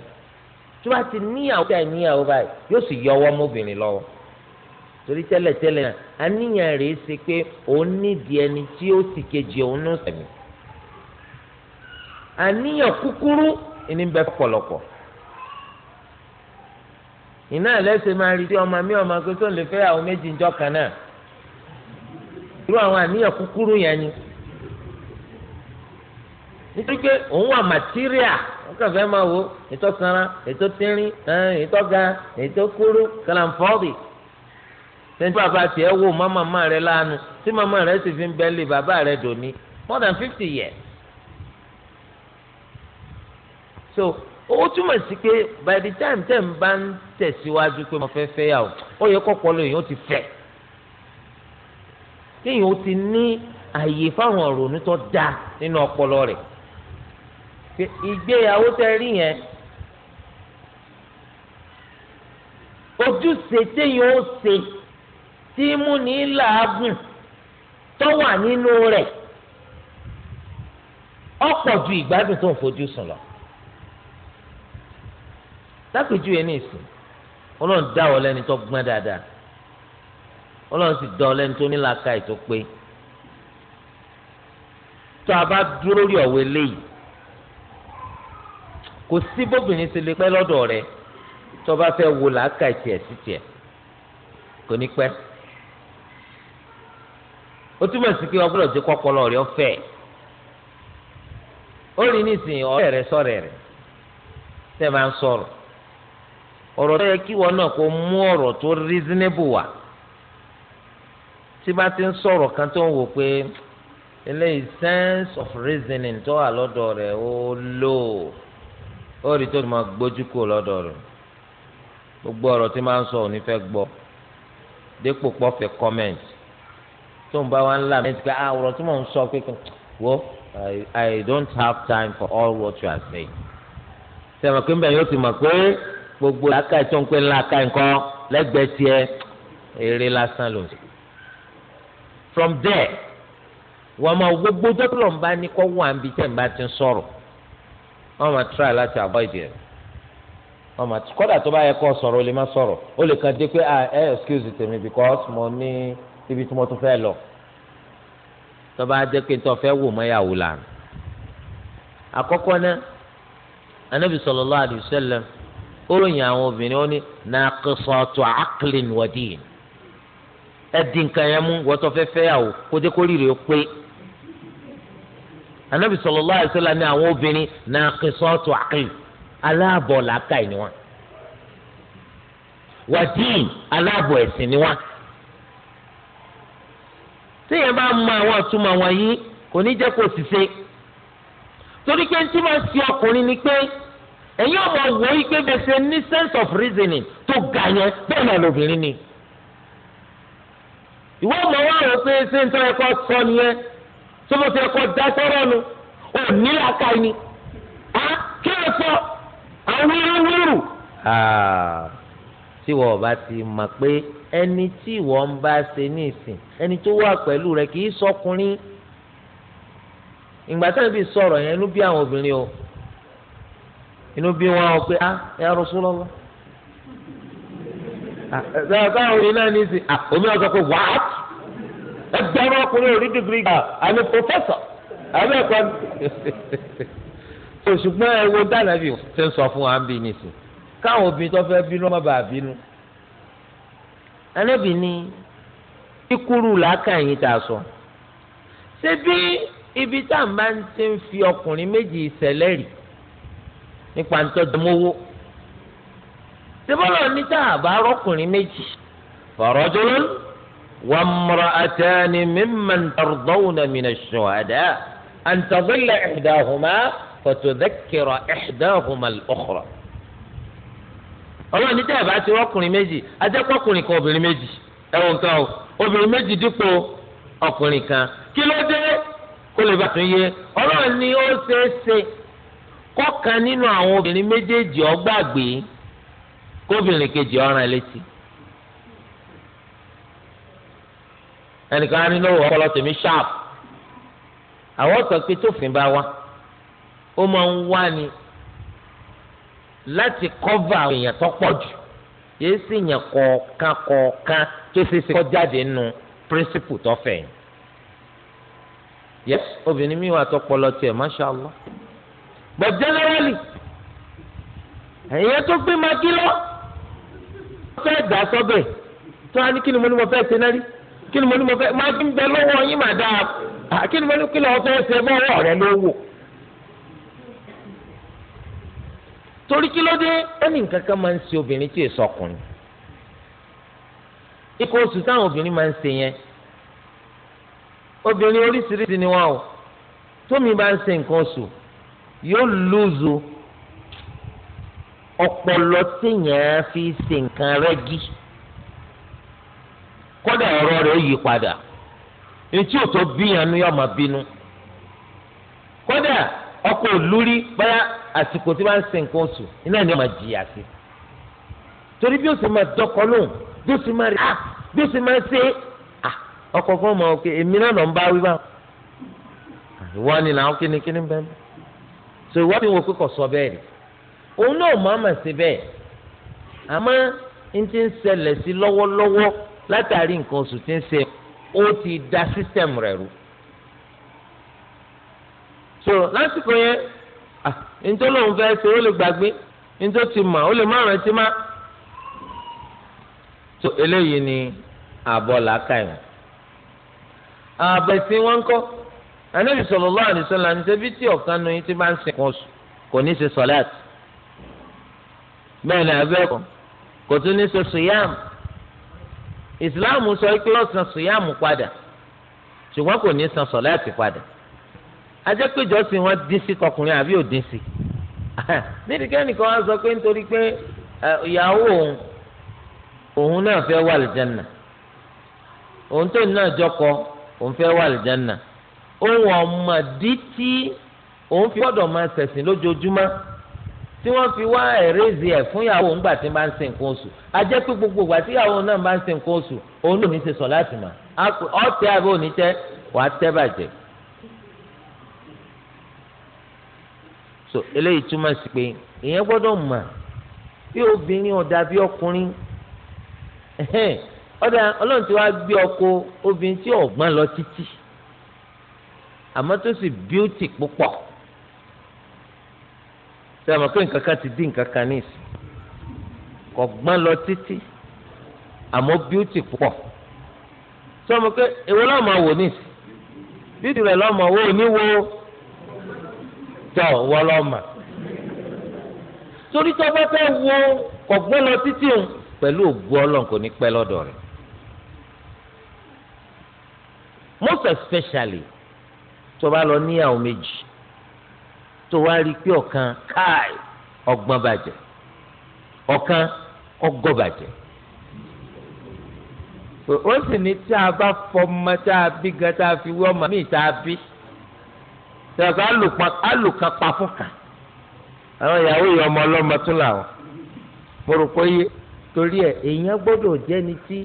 Speaker 1: tí wọ́n ti níyàwó tí a níyàwó báyìí yóò sì yọ ọwọ́ mọ́bìnrin lọ́wọ́ torí tẹ́lẹ̀tẹ́lẹ̀ náà àníyàn rèé ṣe pé òun nídìí ẹni tí ó sì kejì òun náà sẹ̀mí àníyàn kúkúrú ìní bẹ pọ̀lọpọ̀ iná ẹlẹ́sẹ̀ máa rí tí ọmọ mi ọmọ pé tó ń lè fẹ́ àwọn méjì ńjọ́ kan náà irú àwọn àníyàn kúkúrú yẹn ni nítorí pé òun wà màtíríà wọn kàn fẹ́ máa wo ètò sanra ètò tínrín ètò ga ètò kúrú kàlàǹfọ́ọ̀bì lẹ́yìn tí bàbá wò má màmá rẹ̀ láàánú tí màmá rẹ̀ sì fi ń bẹ́ẹ̀lì bàbá rẹ̀ dòní more than fifty years. so ó túmọ̀ sí pé by the time tẹ̀ ń bá ń tẹ̀síwájú pé mo fẹ́ fẹ́ yà ó ó yẹ kọ́kọ́ lóyún ó ti fẹ́ kéèyàn ó ti ní àyè fáwọn ọ̀rọ̀nù tó dáa nínú ọpọlọ rẹ̀ ìgbéyàwó tẹ rí yẹn ojúṣe téèyàn ó ṣe tí mú ní làágùn tó wà nínú rẹ̀
Speaker 2: ọ̀pọ̀ ju ìgbádùn
Speaker 1: tó ń fojú sùn lọ. lápèjú ẹni ìsìn ọlọ́run dá ọ lẹ́ni tó gbọ́n dáadáa ọlọ́run sì dá ọ lẹ́ni tó ní làákàyè tó pé tó a bá dúró lórí ọ̀wẹ́ léyìí kò sí bóbìnrin ti lè pẹ́ lọ́dọ̀ rẹ̀ tó bá fẹ́ wo làákàyè tiẹ̀ sí tiẹ̀ kò ní pẹ́ ó túmọ̀ sí pé ọgbọ́dọ̀ ti kọ́kọ́lọ́ rẹ̀ ọ̀fẹ́ ó rí nísìnyí ọ̀rẹ́ rẹ̀ sọ̀rẹ́ rẹ̀ tẹ́ máa ń sọ̀rọ̀ ọ̀rọ̀ tó yẹ kí wọn náà kó mú ọ̀rọ̀ tó reasonable wá tí bá ti ń sọ̀rọ̀ kan tó ń wò pé eléyìí sense of reasoning tó wà lọ́dọ̀ rẹ̀ ó lò ó rí tó máa gbójú kò lọ́dọ̀ rẹ̀ gbogbo ọ̀rọ̀ tí máa ń sọ ò ní fẹ́ gbọ́ dépò pọ́fẹ́ comment tó ń bá wa ń là mí pé àwòrán ah, tí mò ń sọ pé wo I don't have time for all what you are saying. sẹ́wọ̀n pé mbẹ́ yóò ti mọ̀ pé gbogbo làákàyè tó ń pè làákàyè nǹkan lẹ́gbẹ̀ẹ́ tiẹ̀ eré lásán ló ń sọ. from there wọ́n máa gbogbo dọ́kítọ̀ ń bá ní kọ́ wọ́n à ń bi ń bá ti ń sọ̀rọ̀ wọ́n máa try láti avoid it kọ́dà tó bá yẹ kó sọ̀rọ̀ o lè má sọ̀rọ̀ o lè kàn dé pé ah ẹ excuse tèmi because mo ní ibi tí mo tún fẹ́ lọ tọba jẹ́ pé tó fẹ́ wò mọ́yàwó lànà àkọ́kọ́ náà anabi sallallahu alayhi wa sallam ó ròyìn àwọn obìnrin ó ní naqisatu aqlin wa din ẹdín nǹkan yẹn mú wọ́tọ́ fẹ́ fẹ́yàwó kó dé kó pé anabi sallallahu alayhi wa ní àwọn obìnrin naqisatu aqlin aláàbọ̀ làákàyè ni wọ́n wa din aláàbọ̀ ẹ̀sìn ni wọ́n téèyàn bá mọ àwọn àtúmọ̀ wọ̀nyí kò ní jẹ́ kó ṣiṣẹ́ torí pé tí wọ́n ti ọkùnrin ni pé ẹ̀yin ọmọ wò ó pé bẹ́ẹ̀ ṣe ní sense of reasoning tó ga yẹn bẹ́ẹ̀ náà lóbìnrin ni ìwọ ọmọ wa rò pé ṣé ń tọ́ ẹ̀kọ́ sọ nìyẹn
Speaker 2: tó bó ti ẹ̀kọ́ dá sọ́rọ̀ nu ò ní làákà ni kí ló sọ àwọn wíwúrú
Speaker 1: tí wọ́n bá ti mọ̀ pé ẹni tí wọ́n ń bá ṣe ní ìsìn ẹni tó wà pẹ̀lú rẹ̀ kì í sọkùnrin ìgbà tí wọ́n fi sọ̀rọ̀ yẹn inú bí àwọn obìnrin o inú bí wọn o pé a ah, ya Rasulullah sọ̀rọ̀ ah, káwọn
Speaker 2: obìnrin náà ní ìsìn ah, omi ọ̀sán pé wàá ẹgbẹ́rún ọkùnrin ò rí dìgírí gbà àmì pòfẹ́sọ̀ àmì ẹ̀kọ́
Speaker 1: ṣùgbọ́n ẹ wo dáná bí o ṣe ń sọ fún wa ń bí nísìn káwọn obìnrin tó fẹ́ bínú ọmọ bàá bínú. anábì ni kíkúrú làákàyìn tà sọ. ṣé bí ibi tá à ń bá ń ti ń fi ọkùnrin méjì ìṣẹ̀lẹ̀ rì nípa ń tọ́jú mówó. ṣé bọ́lá ní tá a máa n ti n fi okunrin meji rọ́kùnrin méjì fọ̀rọ̀ farajulun wa imra'atani mimman tardawna ẹ̀dá ọ̀hún mọ́ fọ̀tò dẹ́kẹ̀rọ̀ ẹ̀dá ọ̀hún mọ́ ọ̀hún ọlọ́run níta ẹ̀ bá ti rọ́kùnrin méjì ajẹ́pọ̀kùnrin kan obìnrin méjì ẹ̀wọ̀n nǹkan o obìnrin méjì dípò ọkùnrin kan kí ló dé kó lè bàtún yé ọlọ́run ni ó ṣeé ṣe kọ́kan nínú àwọn obìnrin méjèèjì ọgbàgbé kóbìnrin kejì ọ̀ràn létí. ẹnìkan á nínú ọpọlọ tèmi ṣáàpù àwọn sọ pé tófin bá wá ó máa ń wá ni láti kọ́va àwọn èèyàn tó pọ̀ jù yéé sì yàn kọ̀ọ̀kan kọ̀ọ̀kan tó ṣe ṣe kọjáde nù píríncípù tó fẹ̀ yìí. yes obìnrin mi wà tó pọlọ tiẹ̀ mashallah but generally èèyàn tó gbé magi lọ fẹ́ dà sọ́bẹ̀ tó wá ní kí ni mo ní mo fẹ́ ṣe náà rí kí ni mo ní mo fẹ́ magi ń bẹ lọ́wọ́ yín màdá ah, kí ni mo ní kí lọ́wọ́ fẹ́ ṣe bọ́ọ̀rọ̀ rẹ lówó. torí kí ló dé ẹnì si kan máa ń ṣe obìnrin tí èso ọkùnrin ikú oṣù táwọn obìnrin máa ń ṣe yẹn obìnrin oríṣiríṣi ni wọn o tómi bá ń ṣe nǹkan oṣù yóò lóòzò ọpọlọ téèyàn fi ṣe nǹkan rẹ́gí
Speaker 2: kódà ọ̀rọ̀ rẹ̀ ó yí
Speaker 1: padà etí òtó bíyànjú yóò máa bínú kódà ọkọ òlúrí báyà àsìkò tí wọ́n ń sin nǹkan oṣù iná ni wọ́n máa jìyà sí torí bí ó sì máa dọ́kọ lóhùn bí ó sì máa rí ah, bí ó sì máa ṣe ah, ọkọ fún ọmọ òkè èmi náà lọ ń bá wí ah, ìwọ ni làwọn kíni bẹ́ẹ̀ mọ́ so ìwọ mi wò pé kò sọ bẹ́ẹ̀ rí òun náà máa mà sí bẹ́ẹ̀ àmọ́ n ti ń ṣẹlẹ̀ sí lọ́wọ́lọ́wọ́ látàrí nǹkan oṣù tí ń ṣe ó ti da sísẹ̀mù rẹ̀ rú so lásìkò yẹn Ah, ntọ́ lòun fẹ́ ṣe ó lè gbàgbé ntọ́ ti mọ̀ ó lè má rántí má. tó eléyìí ni àbọ̀ làákàyè àbẹ̀ tí wọ́n ń kọ́ Ànábì lọ́wọ́ alaihi wasallam ní sẹ́bí tí ọ̀kan nu yín ti máa ń sìn kan sùn kò ní ṣe sọ̀láàt bẹ́ẹ̀ ni abẹ́ kọ́ kò tún ní ṣe sùyàm ìsìláàmù sọ pé ó san sùyàm padà ṣùgbọ́n kò ní san sọ̀láàt padà. ajẹ́ pé ìjọsìn wọn dín sí tọkùnrin àbí ò dín sí nídìí kẹ́nìkan wá sọ pé nítorí pé ìyàwó òun òun náà fẹ́ wà lìjánà òun tó náà jọkọ òun fẹ́ wà lìjánà òun ọmọdé tí òun fi gbọ́dọ̀ máa ṣẹ̀sìn lójoojúmọ́ tí wọ́n fi wá ẹ̀rẹ́zì ẹ̀ fún ìyàwó ńgbà tí bá ń ṣe nǹkan oṣù ajẹ́ pé gbogbo ìgbà tí ìyàwó náà bá ń ṣe nǹkan oṣù òun ló ní ṣe sọ láti mà ọ̀tẹ́ àbí òní tẹ́ wàá tẹ́ bàjẹ́ so eléyìí túmọ̀ sí pé ìyẹn gbọ́dọ̀ mọ̀ bí obìnrin ọ̀dà bí ọkùnrin ọ̀dà ọlọ́run tí wàá gbé ọkọ obìnrin tí ọ̀gbọ́n lọ títí àmọ́ tó sì bíútì púpọ̀ ṣe àmọ́ pé nǹkan ti dín nǹkan kan ní lọ titi àmọ́ bíútì púpọ̀ ṣe àmọ́ pé èwo lọ́ọ́ wò ní ìsìn rẹ̀ tọ̀ wọ́lọ́mà torí tó bá fẹ́ wo kọ̀gbọ́n lọ títí o pẹ̀lú ògbó ọlọ́run kò ní pẹ́ lọ́dọ̀ rẹ̀ most especially tó bá lọ níyàwó méjì tó wá rí i pé ọ̀kan káì ọgbọ́n bàjẹ́ ọ̀kan ọgọ́ bàjẹ́ ó sì ní tí a bá fọmọ tá a bí gan tá a fi wọ́n mọ̀ mí tá a bí. sọ̀rọ̀ alùkan pa fún kàn àwọn ìyàwó ọmọ ọlọ́mọ tún làwọn mo rò pé yé torí ẹ̀ èèyàn gbọ́dọ̀ jẹ́ni tí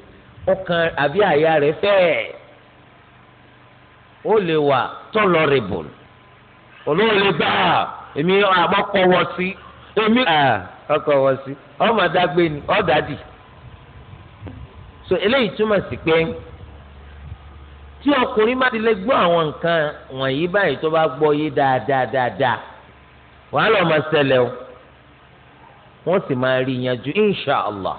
Speaker 1: ọkàn àbí àyà rẹ̀ fẹ́ẹ̀ ó lè wà tolerable olóò lè bá èmi àmọ́kọ̀wọ́ sí èmi ọkọ̀wọ́ sí ọmọdé agbẹ́ni ọ̀dàdì so eléyìí túmọ̀ sí tí ọkùnrin má ti lè gbọ́ àwọn nǹkan wọ̀nyí báyìí tó bá gbọ́ yé dáadáa dáadáa wàhálà ọmọ ṣẹlẹ̀ o wọ́n sì máa rí yanjú insha allah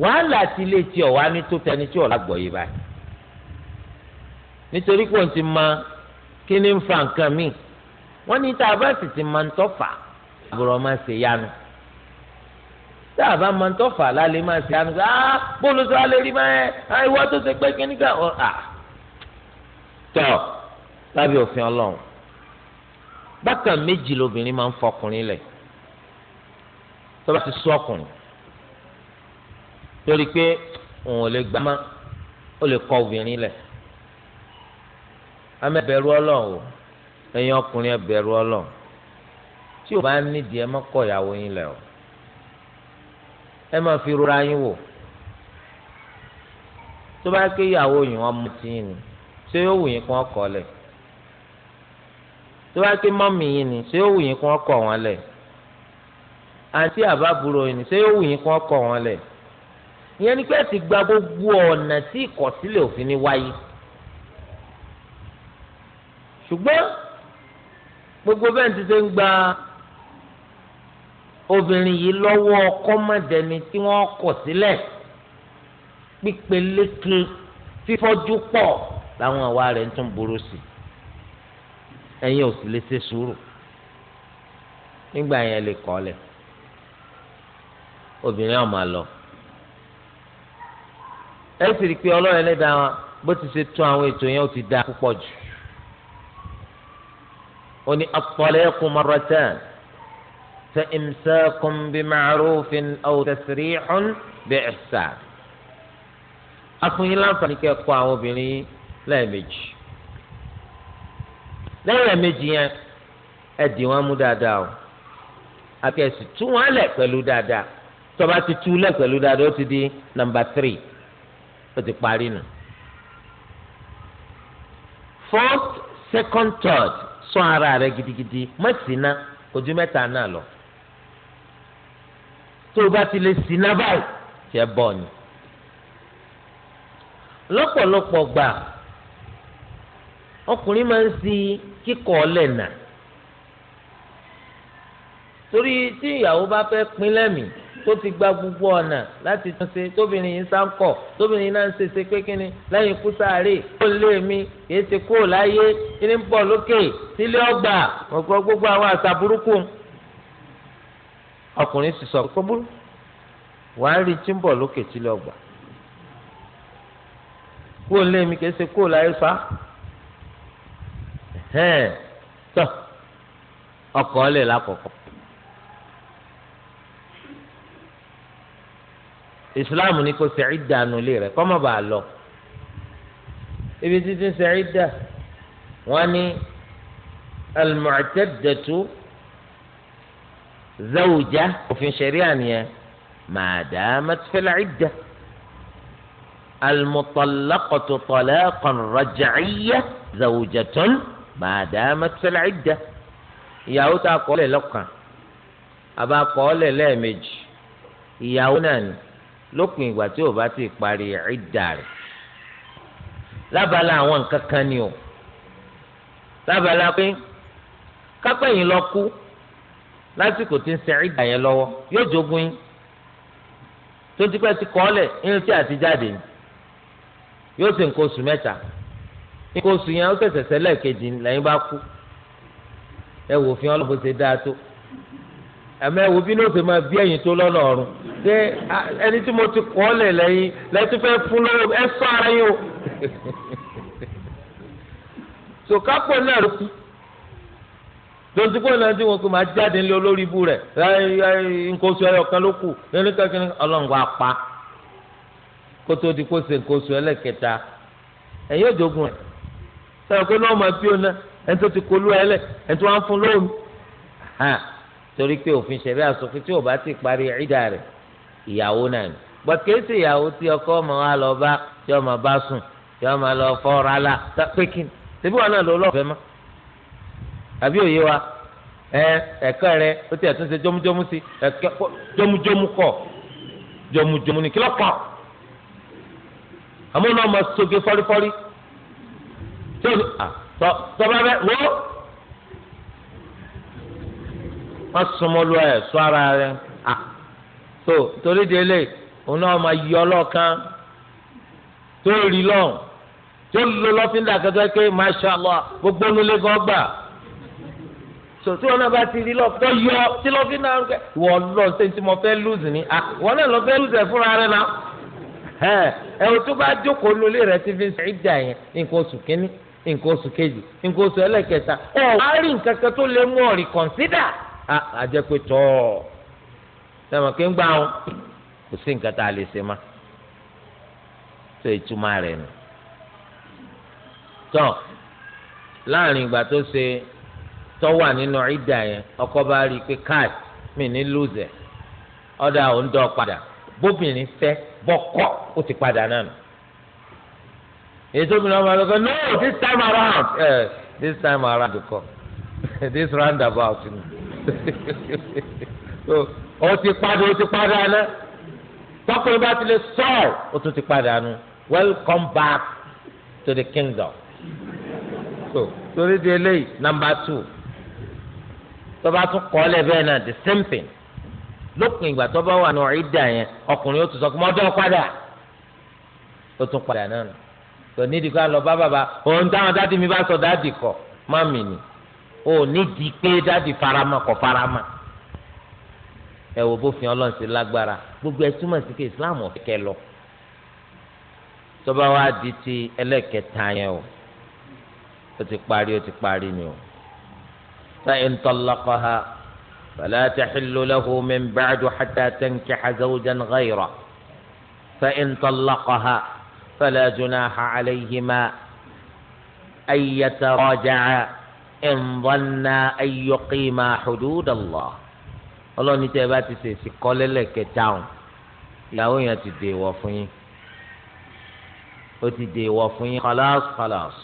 Speaker 1: wàhálà ti lè tí ọ̀ wá ní tó tẹni tí ọ̀la gbọ́ yé báyìí nítorí pé òun ti ma kí ni ń fa nǹkan míì wọ́n ní tá a bá sì ti ma ń tọ́fà àbúrò ọmọ ṣe yánu tá a bá ma ń tọ́fà lálẹ́ máa ṣe yánu ah bóòlù sọ alẹ́ rí máa ẹ ìwọ tó ṣe pé kíníkà ọ̀ ah tọ́ lábẹ́ òfin ọlọ́run bákan méjì lobìnrin máa ń fọkùnrin lẹ̀ tó bá ti sọ ọkùnrin torí pé òun ò lè gbà má ó lè kọ obìnrin lẹ̀ amẹ́bẹ̀rù ọlọ́run o ẹ̀yin ọkùnrin ẹ̀bẹ̀rù ọlọ́run tí o bá nídìí ẹ má kọ ìyàwó yín lẹ̀ o ẹ má fi rora yín wò tó bá ké ìyàwó yín ọmọ tí yín ni ṣé yóò wù yín kí wọ́n kọ́ lẹ̀ tó bá ké mọ́mì yín ni ṣé yóò wù yín kí wọ́n kọ́ wọn lẹ̀ àǹtí àbábúrò yín ni ṣé yóò wù yín kí wọ́n kọ́ wọn lẹ̀ ìyẹn ni pé ẹ gba gbogbo ọ̀nà tí ìkọ̀sílẹ̀ òfin ni wáyé ṣùgbọ́n gbogbo bẹ́ẹ̀ ti ṣe ń gba obìnrin yìí lọ́wọ́ ọkọ tí wọ́n kọ̀ sílẹ̀ pípeléke fífọ́jú pọ̀ láwọn àwa rẹ̀ ń tún burú sí ẹ̀yin ò sì lè ṣe sùúrù nígbà yẹn lè kọ́lẹ̀ obìnrin ọ̀ma lọ ẹ sì rí i pé ọlọ́run ẹlẹ́dàá wọn bó ti ṣe tún àwọn ètò yẹn ó ti dáa púpọ̀ jù ó ní at-talaqu marratan fa imsakun bima'rufin aw tasrihun bi ihsan afunyin láǹfààní kẹ́kọ̀ọ́ àwọn obìnrin yìí lẹ́ẹ̀mejì lẹ́yìn ẹ̀mejì yẹn ẹ dì wọ́n mú dáadáa o àti ẹ̀sì tú wọ́n lẹ̀ pẹ̀lú dáadáa tó bá ti tú lẹ̀ pẹ̀lú dáadáa ó ti di nàmbà tírì ó ti parí nù. first second third sọ ara rẹ gidigidi má ṣìnà kò ju mẹ́ta náà lọ tó o bá ti lè ṣìnà báyìí tiẹ̀ bọ̀ ni lọ́pọ̀lọpọ̀ gbà ọkùnrin máa ń si kíkọ̀ ọ̀lẹ̀ nà torí tí ìyàwó bá fẹ́ pín lẹ́mìí tó ti gba gbogbo ọ̀nà láti tún ṣe tóbìnrin yìí sá ń kọ̀ tóbìnrin náà ń ṣe ṣe pé kíni lẹ́yìn ikú sáré kó lé mi kìí ṣe kó láyé kí ni ń bọ̀ lókè sílé ọgbà ọ̀gbọ́n gbogbo àwọn àṣà burúkú ọkùnrin sì sọ pé burú wàá rí tí ń bọ̀ lókè sílé ọgbà kó lé mi kìí ṣe kó láyé fa hẹ́n tọ́ ọkọ̀ ọ̀lẹ̀ lákọ̀ọ́kọ́. ìsìláàmù ni kò sẹ̀ẹ́dà nulẹ̀ rẹ̀ kọ́ mọ̀ bá a lọ. ibi títí sẹ̀ẹ́dà wọ́n ní almu'taddatu zawja òfin ṣẹ̀ríà nìyẹn madamat fil 'idda almutallaqatu talaqan raj'iyya zawjatun màdàmà tẹlẹ ìdá ìyàwó tá a kọ́ lẹ̀ lọ́kàn àbá kọ́ lẹ̀ lẹ́ẹ̀mejì ìyàwó náà ni lópin ìgbà tí ò bá ti parí ìdá rẹ̀
Speaker 2: lábala àwọn
Speaker 1: nǹkan kan ni o lábala pé kápẹ́ yìí lọ kú lásìkò tí ń ṣe ìdá yẹn lọ́wọ́ yóò jogún yín tó ti pẹ́ ti kọ́ lẹ̀ irun tí àti yóò sì ń kó oṣù mẹ́ta nǹkan oṣù yẹn ó ṣẹ̀ṣẹ̀ ṣẹlẹ̀ kejì lẹ́yìn bá kú ẹ wò fi hàn lọ́bù ṣe dáa tó àmọ́ ẹ wò bí lóṣù máa bí ẹ̀yìn tó lọ́nà ọ̀run ṣé ẹni tí mo ti kọ́ lẹ̀ lẹ́yìn lẹ́tún fẹ́ fún lọ́wọ́ ẹ sọ ara yín o sòkápò náà ló kú lọ́sibọ́ náà tí wọ́n kò máa jáde lé olórí ibú rẹ̀ nǹkan oṣù ẹlẹ́ọ̀kan ló kù nínú kankan ọlọ́run wa pa kótó di kó ṣe nǹkan oṣù ẹlẹ́kẹta ẹ̀yìn òjògùn rẹ̀ sọ̀rọ̀ pé lọ́wọ́ máa bí òun náà ẹni tó ti kolú ẹ lẹ̀ ẹni tó wá ń fún lómi. torí pé òfin ṣẹ̀rí àsòfin tí ò bá ti parí ìdá rẹ̀ ìyàwó náà ni gbọ̀kẹ́sì ìyàwó tí ọkọ ọmọ wa lọ bá tí ọmọ bá sùn tí ọmọ lọ fọ́ra la pé kí ni tẹ́bí wọn náà ló lọ́ọ̀fẹ́ mọ́ àbí òye wa ẹ̀kọ́ rẹ ó ti ẹ̀tún ṣe jọmújọmú sí ẹ̀kọ́ jọmújọmú kọ̀ jọmújọmú ni kí lọ́kọ̀ àmọ́ náà mọ tọ́ba bẹ wo wọ́n sọmọlú ẹ̀ sọ ara rẹ̀ tó torí délé òun náà máa yọ ọlọ́kan tó rí lọ́hùn tó lo lọ́fíńdà kẹ́kẹ́ pé masha allah gbogbo nílé gan gbà sòtú wọn náà bá ti rí lọ́ọ̀ tó yọ tí lọ́fíńdà ń kẹ́ wọ́n lọ ṣe tí mo fẹ́ lùzì ní à wọ́n náà lọ fẹ́ lùzì ẹ̀ fúnra rẹ̀ náà ẹ̀ ẹ̀ tó bá jókòó lólè rẹ̀ ti fi ṣe ìjà yẹn nǹkan oṣù kínní. nǹkan oṣù kejì nǹkan oṣù ẹlẹ́kẹta ọ̀ á rí nǹkan kan tó lè mú ọ̀rìn kọ̀ǹsídà á jẹ́ pé sẹ́wọ̀n kí ń gbà wọn kò sí nǹkan tá a lè ṣe má tó ìtumá rẹ̀ nù. tọ́ láàrin ìgbà tó ṣe tọ́ wà nínú ìdá yẹn ọkọ bá rí i ètò obìnrin ọmọ àlọ́kọ́ no this time around eh, this time around kọ this round about ni ó ti padà ó ti padà ná tọkùnrin bá ti lè sọ ó tún ti padà nu welcome back to the kingdom so torí di eléyìí number two tọba tún kọ́ lẹ̀ bẹ́ẹ̀ náà the same thing lópin ìgbà tọba wà nù ìdá yẹn ọkùnrin ó tún sọ pé mọ́tò padà ó tún padà náà kò nídìí ká lọ bá bàbá òun táwọn dádì mi bá sọ dádì kọ mami ni ò nídìí pé dádì farama kọ farama ẹ wo bófin ọlọ́run sí lágbára gbogbo ẹ túmọ̀ sí pé islam ọ̀kẹ́ lọ tọ́ba wa di ti ẹlẹ́kẹta yẹn o ó ti parí ó ti parí ni o sa'in tallaqaha fala tahillu lahu min ba'du hatta tankiha zawjan ghayra sa'in tallaqaha. فلا جناح عليهما أن يتراجعا إن ظنا أن يقيما حدود الله ọlọ́run ní tẹ́ ẹ bá ti ṣèṣì kọ́ lẹ́lẹ́kẹta ọ̀hún ìyàwó yẹn ti dè wọ̀ fún yín ó ti dè wọ̀ fún yín kọ́lás kọ́lás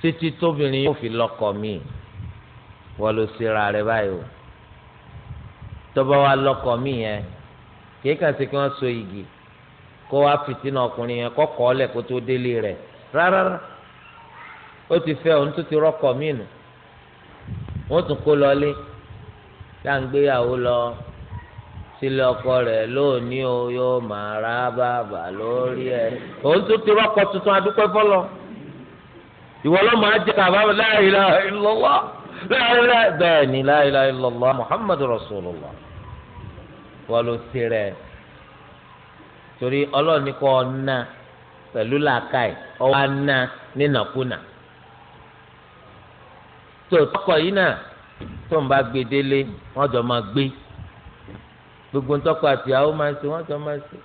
Speaker 1: títí tóbìnrin yóò fi lọ́kọ míì wọ́n ló ṣera rẹ̀ báyìí o tọ́ba wa lọ́kọ míì yẹn kì í kàn sí kí wọ́n so igi kó wá fìtínà ọkùnrin yẹn kọ́kọ́ ọ̀lẹ̀ kó tó délé rẹ̀ rárá ó ti fẹ́ òun tó ti rọ́kọ̀ míì nù tún kó lọ sílé ọkọ rẹ lóòní o yóò máa ra bàbà lórí ẹ̀ òun tó ti rọ́kọ̀ tuntun adúpẹ́ fọlọ́ ìwọ ló máa jẹ kàbá ni torí ọlọ́ọ̀ni kọ́ ọ ná pẹ̀lú làákàì ọwọ́ ná nínàkúnà tó tọkọ yìí náà tó ń bá gbé délé wọ́n jọ máa gbé gbogbo ntọ́kọ àtìyàwó máa ṣe wọ́n jọ máa ṣe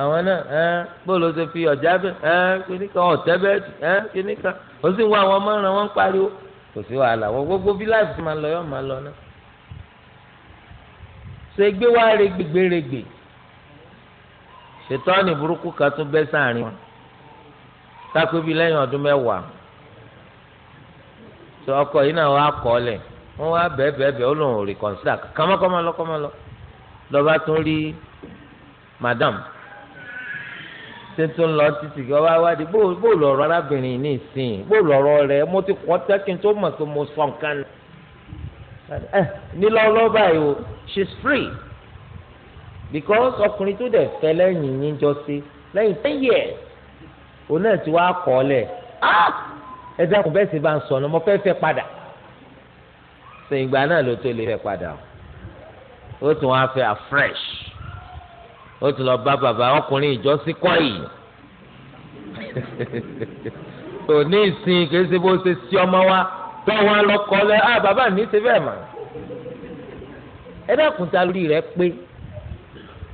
Speaker 1: àwọn náà ẹ bóòlù ṣe fi ọjà bẹ ẹ kíníkà ọtẹ bẹ ẹ kíníkà ó sì ń wá àwọn ọmọ ọ̀ràn wọn ń pariwo kò sí wàhálà wọn gbogbo bí láìpẹ́ máa lọ yọ máa lọ náà ṣe gbé wá rẹgbẹgbẹ rẹgbẹ ṣètọ́ni burúkú kan tún bẹ́ sáàrin wọn kápẹ́ bíi lẹ́yìn ọdún mẹ́wàá tó ọkọ̀ yìí náà wàá kọ́ lẹ̀ wọ́n wá bẹ́ẹ̀ bẹ́ẹ̀ bẹ́ẹ̀ ó lòun ò rìkọ̀nsídà kọ́mọ́kọ́mọ́ lọ kọ́mọ́lọ́ lọ́ba tún rí madam ṣé tó ń lọ títì ọba wádìí bó lọ̀rọ̀ arábìnrin ní ìsìn bó lọ̀rọ̀ rẹ̀ mo ti kọ́ tẹ́kìn tó mọ̀ pé mo sọ nǹkan ní lọ́wọ́ báyìí o she's free because ọkùnrin tó dẹ̀ fẹ́ lẹ́yìn yín jọ sí lẹ́yìn ten years òun náà ti wá kọ́ lẹ̀ ah! ẹ dákun bẹ́ẹ̀ sì bá ń sọ̀nà mo fẹ́ fẹ́ padà ṣe ìgbà náà ló tó lè fẹ́ padà ó tún wá fẹ́ afresh ó tún lọ bá bàbá ọkùnrin ìjọ sí kọ́ yìí tò ní ìsìn kì bó ṣe sí ọmọ wa
Speaker 2: tó lọ kọ́ lẹ́ ah
Speaker 1: bàbá mi ṣe bẹ́ẹ̀ mà ẹ dákun ta lórí rẹ pé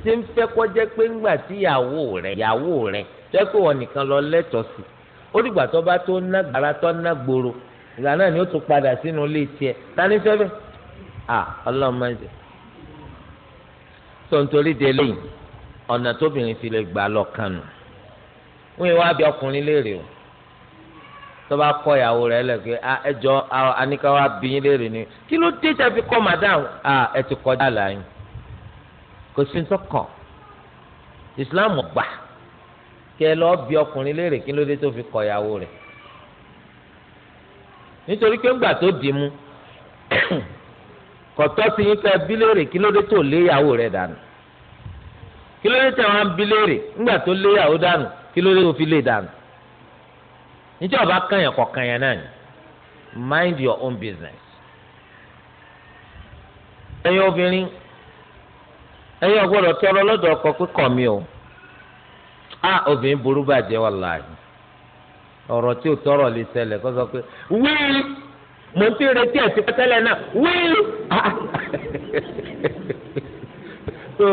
Speaker 1: ṣé ń fẹ́ kọjá pé ńgbà tí ìyàwó rẹ̀ ìyàwó rẹ̀ jẹ́ pé wọ́n nìkan lọ lẹ́tọ̀ọ́ sí ó dìgbà tó bá tó ná gbàrà tó ná gbòòrò ìgbà náà ni ó tún padà sínú ilé tiẹ̀ tani fẹ́fẹ́ à ọlọ́run máa ń jẹ tó ń torí de lẹ́yìn ọ̀nà tóbìnrin fi lè gbà lọ kànù wọ́n yẹn wá bí ọkùnrin léèrè o tó bá kọ ìyàwó rẹ̀ lẹ́gbẹ̀ẹ́ à ẹjọ́ àníkà wá bí yín léèrè ni kí ló dé tẹ́ fi kọ́ màdáàmù à ẹ ti kọjá àlàyé kò sí sọ́kàn islam gbà kí ẹ lọ́ọ́ bí ọkùnrin léèrè kí ló dé tó fi kọ ìyàwó rẹ̀ nítorí pé ńgbà tó dì í mú kọ̀tọ́ sí yín fẹ́ bí léèrè kí ló dé tó lé ìyàwó rẹ̀ dànù kí ló dé tẹ̀ wọ́n bí léèrè ńgbà tó lé ìyàwó dànù kí ló dé tó fi lé e dànù níjẹ́ ọba kànyàn kọ̀ kànyàn náà ni mind your own business. ẹ̀yin obìnrin ẹ̀yin ọgbọdọ tọrọ lọ́dọ̀ ọkọ kíkọ mi o a obìnrin burú bàjẹ́ wàláhì ọ̀rọ̀ tí ò tọrọ lè ṣẹlẹ̀ kó sọ pé wíì mo ti retí ẹ̀ sí pẹ́tẹ́lẹ̀ náà wíì so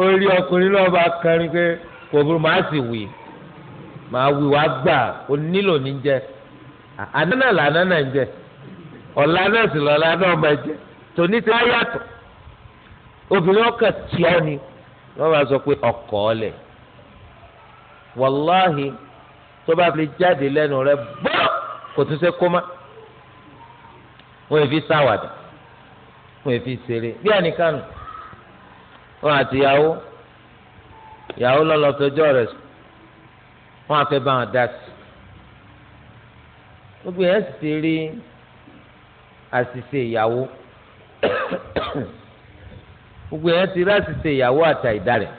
Speaker 1: orí ọkùnrin náà bá kẹrin pé kò burú màá sì wì màá wì wá gbà ó nílò ní jẹ àná náà náà ń jẹ ọ̀la náà sì lọ́la náà máa jẹ tòní ti wá obìnrin ọkàn tí ọ ni wọ́n bá sọ pé ọkọ ọlẹ wàláhì tó bá fi jáde lẹ́nu rẹ̀ bọ kò tún ṣe kó má wọ́n fi sáwàdà wọ́n fi ṣeré bí àníkànnù
Speaker 2: wọ́n àti ìyàwó
Speaker 1: ìyàwó lọlọ fẹjọ rẹ̀ wọ́n àfẹ bá wọn dá sí gbogbo yẹn sì ti rí àṣìṣe ìyàwó gbogbo yẹn ti ráàsì ṣe ìyàwó àtà ìdá rẹ̀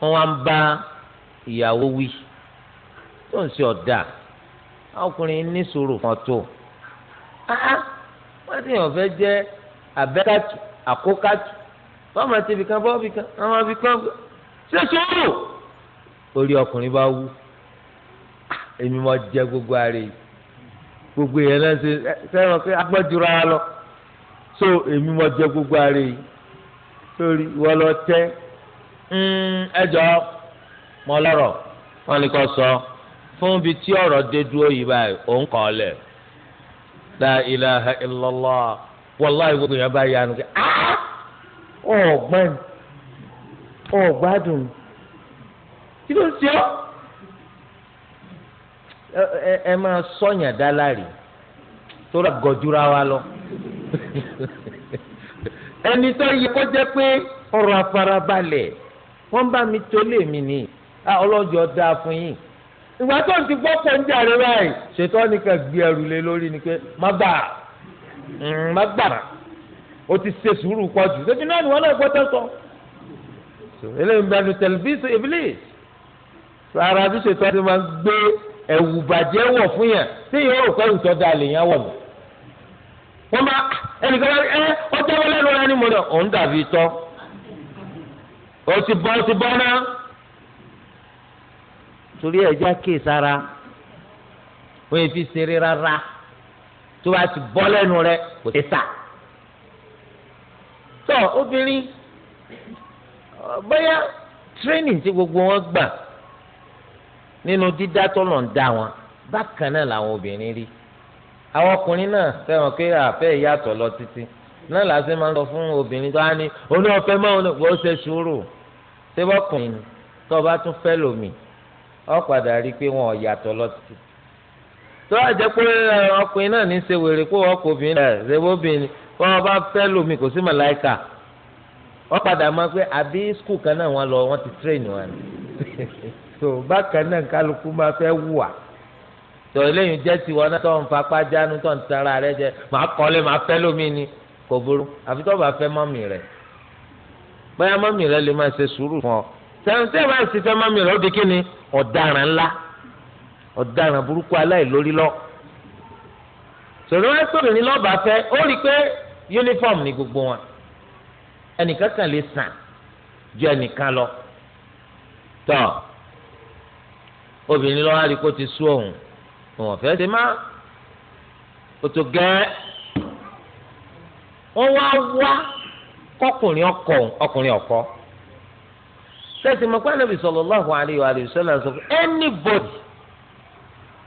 Speaker 1: wọ́n wá ń bá ìyàwó wí tó ń ṣe ọ̀dà ọkùnrin ní sùúrù kan tó wọ́n ti yàn fẹ́ jẹ́ abẹ́kàtù àkókàtù wọ́n máa ti bìkan bọ́ bìkan wọ́n bìkan ṣe sùúrù orí ọkùnrin bá wú èmi mọ jẹ gbogbo àárẹ̀ gbogbo yẹn náà ṣe sẹ́wọ̀n pé agbọ́jura lọ so èmi mo jẹ gbogbo ara yìí lórí ìwọ lọ
Speaker 2: tẹ hmm, ẹjọ mọ lọrọ wọn ni sọ
Speaker 1: fún bi tí ọrọ dé dúró yìí báyìí òun kọ lẹ la ilaha illallah wàláhì gbogbo yẹn bá yanu kẹ
Speaker 2: ọgbọn
Speaker 1: ọgbádùn kí ló ń ṣe ọ ẹ máa sọyàn dá lárí tó rà wa lọ. ẹni tó yẹ kó jẹ́ pé ọ̀rọ̀ àfarabalẹ̀ wọ́n bá mi tó lè mi ní ọlọ́jọ́ dáa fún yín ìgbà tó ń ti gbọ́ pọ̀ ń jàre báyìí ṣètò ọ̀nìkà gbé ẹrù lé lórí ni pé má gbà mm, má gbà o ti ṣe sùúrù pọ̀ débi náà ni wọ́n náà gbọ́dọ̀ sọ. eléyìí ń bẹnu tẹlifíṣàn iblis rárá bí ṣètò ọ̀nìkà máa gbé ẹ̀wù bàjẹ́ wọ̀ fún yàn tí yóò rò ìtọ́jà lè yàn wọ̀ mí
Speaker 2: wọ́n bá ẹnìkan bá ẹ ọjọ́ wọn lẹ́nu rẹ ni mo
Speaker 1: lọ òun dàbí tọ́ o ti bọ́ o ti bọ́ náà torí ẹja kéè sára wọ́n yẹ fi ṣeré rárá tó bá ti bọ́ lẹ́nu rẹ kò ti sà tọ́ obìnrin bóyá training tí gbogbo wọn gbà nínú dídá tọ́lọ̀ ń dá wọn bákan náà làwọn obìnrin rí àwọn ọkùnrin náà fẹ́ràn pé àfẹ́ ìyàtọ̀ lọ títí náà làásì máa ń sọ fún obìnrin tó á ní oní ọ̀fẹ́ máa ń wọ́n ṣe sùúrù ṣé bọ́kùnrin ni tó bá tún fẹ́ lómi ọ̀ padà rí i pé wọn ò yàtọ̀ lọ títí. tó a jẹ́ pé ọkùnrin náà ní ṣe wèrè pé wọ́n kò obìnrin rẹ̀ ṣe bóbìnrin wọ́n bá fẹ́ lómi kò sí màláìkà ọ̀ padà máa pé àbí skul kan náà wọ́n lọ wọ́n ti tírèènì wọn. so bákan náà kálukú máa fẹ́ wù wá tó eléyìí jẹ́ tiwọn náà tó ń fapá jánu tó ń rẹ jẹ màá kọ́lé màá fẹ́ lómi ni kò burú àfi tó bá fẹ́ mọ́mì rẹ̀ bóyá mọ́mì rẹ̀ lè máa ṣe sùúrù fún ọ sẹ́yìn tẹ́ bá sì fẹ́ mọ́mì rẹ̀ ó di kí ni ọ̀daràn ńlá ọ̀daràn burúkú aláìlórí lọ sọ̀rọ̀ wá sọ̀rọ̀ ní lọ́ọ̀bà fẹ́ ó rí i pé yúnífọ̀mù ni gbogbo wọn ẹnìkan kan lè sàn ju ẹnìkan lọ tọ́ obìnrin lọ́wọ́ wọn fẹ́ ṣe má o tó gẹ́ wọ́n wá wá kọkùnrin ọkọ ọkùnrin ọkọ tẹ̀sí mọ̀ pé Ànábì sallallahu alaihi wa sallam sọ fún anybody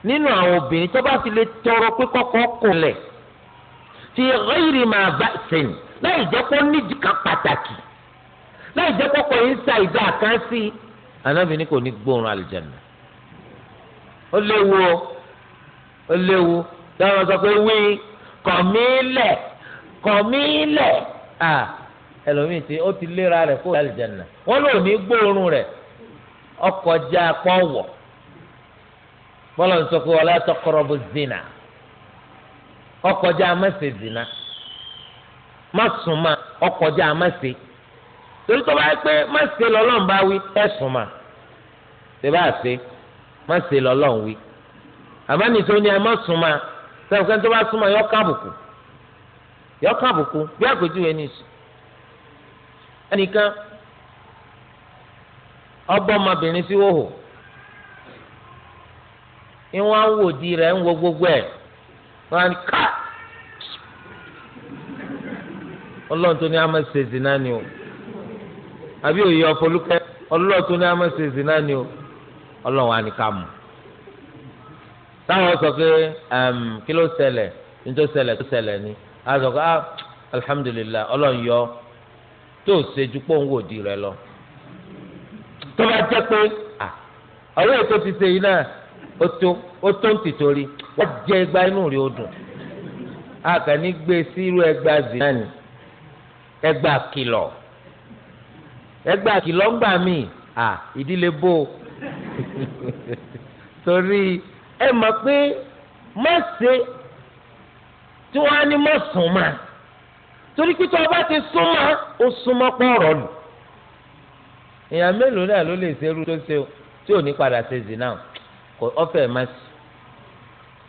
Speaker 1: nínú àwọn obìnrin tó bá fi lè tọrọ pé kọ́kọ́ kùnlẹ̀ fi ghairi ma ba'sin láì jẹ́ kó níjì kan pàtàkì láì jẹ́ kó kọ́ ìsà ìdá kan sí Ànábì ní kò ní gbóòórùn àlùjánnà ó léwu o. ó léwu dáhùn sọ pé wí kọ̀mílẹ̀ kọ̀mílẹ̀ à ẹlòmíì tí ó ti léra rẹ̀ kó àlìjẹ̀nà wọ́n lò ní gbóòórùn rẹ̀ ọkọ̀ já pọ̀ wọ̀ bọ́lá ń sọ pé zina ọkọ̀ já mẹ́sẹ̀ zina má sùn má ọkọ̀ já mẹ́sẹ̀ torí tó bá àmọ́ ni ẹ má súnmọ́ sẹ́wọ̀n tó bá súnmọ́ yọ kábùkù yọ kábùkù bí àpèjúwe ní ìsù ẹnìkan ọgbọ́ ọmọbìnrin sí wòhò ìwọ̀n ń wò di rẹ̀ ń wo gbogbo á ní o àbí òye ọ̀fọ̀lùkẹ́ ọlọ́run tó ní àmọ́ ṣe ni o ọlọ́run wa ni ká táwọn sọ pé kí ló ṣẹlẹ̀ nítorí ṣẹlẹ̀ tó ṣẹlẹ̀ ni a sọ pé ah, alhamdulilayi ọlọ́run yọ tó o ṣejú pọ̀ ń wò di rẹ lọ tó bá jẹ́ pé ọ̀rọ̀ ètò ti ṣe yìí náà ó tó ń tìtorí wọ́n jẹ́ ẹgbà inú rẹ̀ ó dùn a kà ní gbé sí irú ẹgbà zì náà ni ẹgbà kìlọ̀ ẹgbà kìlọ̀ ń gbà mí ìdílé bò torí. ẹ mọ̀ pé má ṣe tí wọ́n á ní má sùn máa torí pé tí wọ́n bá ti sún máa ó sún mọ́ pọ́ọ̀rọ̀ lù. èèyàn mélòó náà ló lè ṣerú tó ṣe o tí ò ní padà ṣe zì náà kò ọ̀fẹ́ má sí.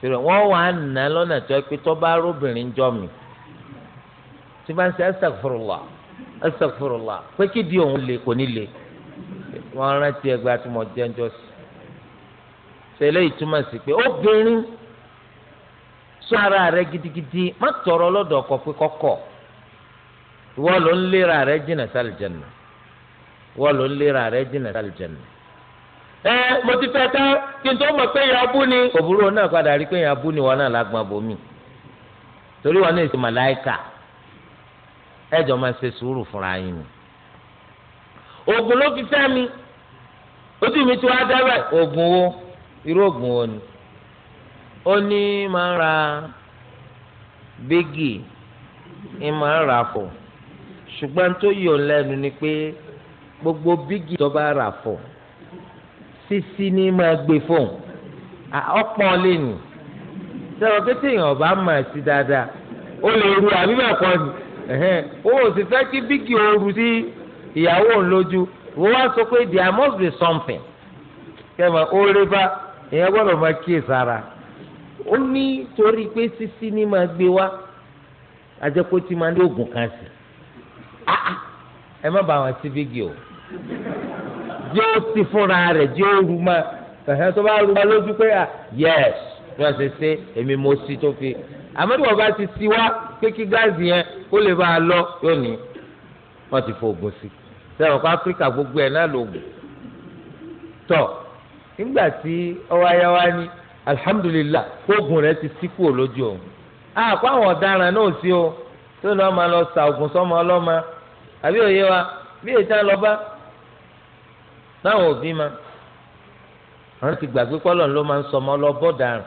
Speaker 1: ṣùgbọ́n wọ́n wà á nà lọ́nà tó ẹ pé tó bá róbìnrin jọ mi tí bá ń ṣe astaghfirullah pé kí di òun lè kò ní lè wọ́n rántí ẹgbẹ́ àti jẹ́ńjọ́sí. sẹlẹ̀ ìtumọ̀ sí pé obìnrin sọ ara rẹ gidigidi má tọrọ lọ́dọ̀ ọkọ pé kọ́kọ́ ìwọ ló ń lera rẹ jìnnà sálìjẹ̀nà ìwọ ló ń lera rẹ jìnnà sálìjẹ̀nà
Speaker 2: ẹ mo ti fẹ́ tán kí n tó mọ̀ pé ìyá bú
Speaker 1: ni. òbúrò náà padà rí pé ìyá bú ni wọn náà lágbọn bomi torí wọn náà ṣe màláìkà ẹjọ máa ṣe sùúrù fúnra yín ni.
Speaker 2: oògùn ló fi fẹ́ mi ojú mi ti wá dábàá
Speaker 1: oògùn wo irú oògùn wo ni ó ní máa ń ra bígì ń máa ń rà fọ ṣùgbọ́n tó yọ lẹ́nu ni pé gbogbo bígì tó bá rà fọ sísí ní máa gbé fóun ọpọ́n lè nì sẹ́wọ̀n pété èèyàn bá mà sí dáadáa ó lè ru àbí bẹ́ẹ̀ kọ́ ni ó ò sì fẹ́ kí bígì ooru sí ìyàwó òun lójú wọ́n wá sọ pé there must be something kẹ́mọ̀ ó rí bá èèyàn gbọ́dọ̀ máa kíyè sára ó ní torí pé sísí ni máa gbé wá ajẹkó tí máa ní oògùn kan sí ah, ah, ẹ má bá wọn sí fígì o jẹ́ ó ti fúnra rẹ̀ jẹ́ ó rú ma ẹ̀hẹ́n tó bá rú ma lójú pé à yẹ́s ní ọ̀sẹ̀ ṣe èmi mo sí tó fi àmọ́ tí wọ́n bá ti sí wá pé kí gáàsì yẹn kó lè bá a lọ yóò ní wọ́n ti fògùn sí sẹ́wọ̀n kó áfíríkà gbogbo ẹ̀ náà lògùn tọ̀ nígbà tí ọwọ́ ayáwá ní alihamudulilayi oògùn rẹ ti síkú olójú òun àpò àwọn ọ̀daràn náà sí o tó lọ́ọ́ máa lọ sa oògùn sọ́mọ ọlọ́mọ àbí òye wa bí èyí tá a lọ bá báwọn òbí ma àwọn ti gbàgbé kọ́lọ̀ ló máa ń sọmọ lọ bọ́daràn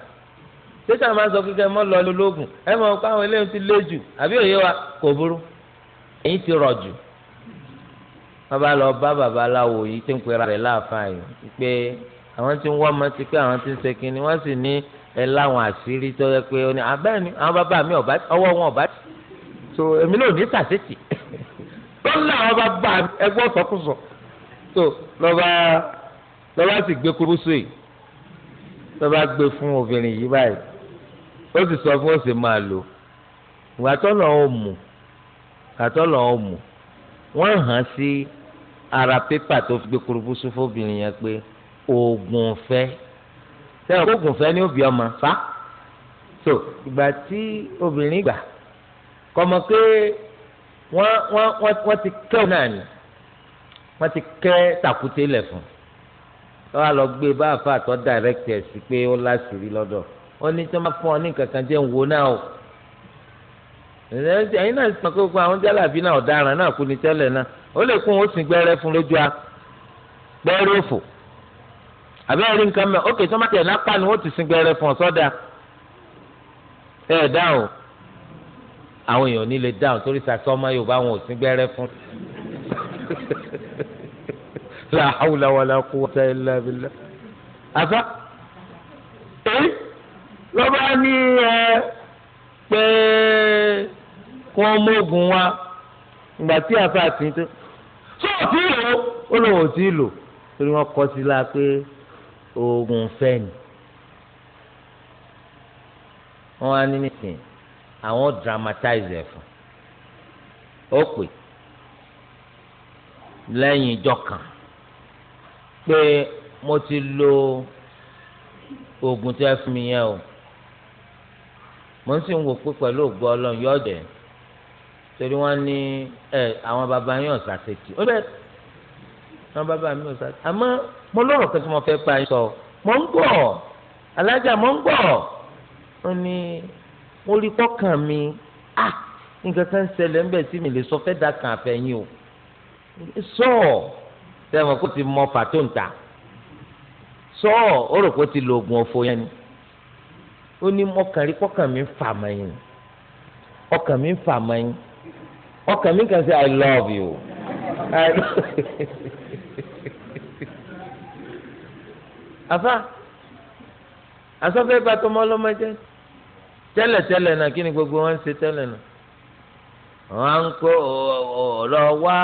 Speaker 1: tẹ́tà máa ń sọ kíkẹ́ mọ́ lọ lọ́gùn ẹ mọ̀ pé àwọn eléyìí ti lé jù àbí òye wa kò burú èyí ti rọ̀ jù wọ́n bá lọ bá babaláwo yìí tí ń pera rẹ̀ láàfáà yìí pé àwọn tí ń wọ́ ọmọ ti pé àwọn tí ń ṣe kínní wọ́n sì ní ẹ láwọn àṣírí tó yẹ pé ó ní abẹ́ni ah, àwọn bàbá mi ọ̀bá ọwọ́ wọn ọ̀bá ti so èmi náà ò ní sàṣetì tó ń láwọn bàbá ẹgbẹ́ ọ̀sọ́kùsọ tó lọ́ba lọ́ba sì gbé kúrúsù yìí lọ́ba gbé fún obìnrin yìí báyìí ó sì sọ fún òsè máa lò ìgbà tó lọ́ọ́ mú ìgbà tó lọ́ọ́ mú wọ́n hàn sí ara pépà tó gbé kúrúsù fóbìnrin yẹn pé oògùn ọ̀fẹ́ sẹ́yìn oògùn ọ̀fẹ́ ni ó bí ọmọ fa so ìgbà tí obìnrin gbà kọ́mọ pé wọ́n wọ́n wọ́n ti kẹ́ náà ni wọ́n ti kẹ́ tàkúté lẹ̀ fún lọ́wọ́ lọ gbé bá àfa àtọ́ dàrẹ́kítẹ̀ sí pé ó láṣìírí lọ́dọ̀ ó ní tí wọ́n bá fún ọ ní kankan jẹ́ ń wo náà o ẹ̀yin náà sọ pé gbogbo àwọn jálàbí náà ọ̀daràn náà kú ni tẹ́lẹ̀ náà ó lè kún ó sì gbẹ́rẹ́ fún lójú a gbẹ́rẹ́ òfò àbẹ́rẹ́ rí nǹkan mẹ́ ókè sọ́mọ́tì ẹ̀ lápá ni wọ́n ti sin gbẹrẹ fún ọ sọ́dà ẹ̀ dáhùn àwọn èèyàn ní lè dáhùn torí sàṣọmọ yorùbá wọn ò sin gbẹrẹ fún la hawla wala quwwata illa billah àfa ẹ lọ́ba ní ẹ pé kí wọ́n mógun wa ìgbà tí àfa àti tó
Speaker 2: sọ́ọ̀tì lò ó lòun
Speaker 1: ò tí ì lò torí wọ́n kọ́ sí la pé oògùn fẹ́ ni wọ́n á ní nísìn àwọn dramatize ẹ̀ fún ó pè lẹ́yìn ìjọ kan pé mo ti lo oògùn tí ẹ fún mi yẹn o mo sì ń wò pé pẹ̀lú ògbó ọlọ́run yóò dẹ̀ torí wọ́n ní ẹ àwọn baba yín ọ̀sà ṣètì ó bẹ́ẹ̀ àwọn baba mi ọ̀sà àmọ́ mo lọ́rọ̀ kan tí mo fẹ́ pa ẹ sọ mo ń gbọ́ alájà mo ń gbọ́ ó ní mo rí kọ́kàn mi à nǹkan kan ṣẹlẹ̀ ń bẹ̀ tí mi lè sọ fẹ́ da kàn àfẹ́yìn o sọ sẹ́wọ̀n kó ti mọ pàtó ń sọ ó rò pé ti lo oògùn òfò yẹn ni ó ní mo kàn rí kọ́kàn mi ń fà mọ́ yín ọkàn mi fà mọ́ yín ọkàn mi kàn sí i love you. I love you. Afa, asọ́fẹ́ bá tọmọ ọlọ́mọ tẹlẹ tẹlẹ náà kí ni gbogbo wọn ṣe tẹlẹ náà wọn á ń kó ọ̀rọ̀ wá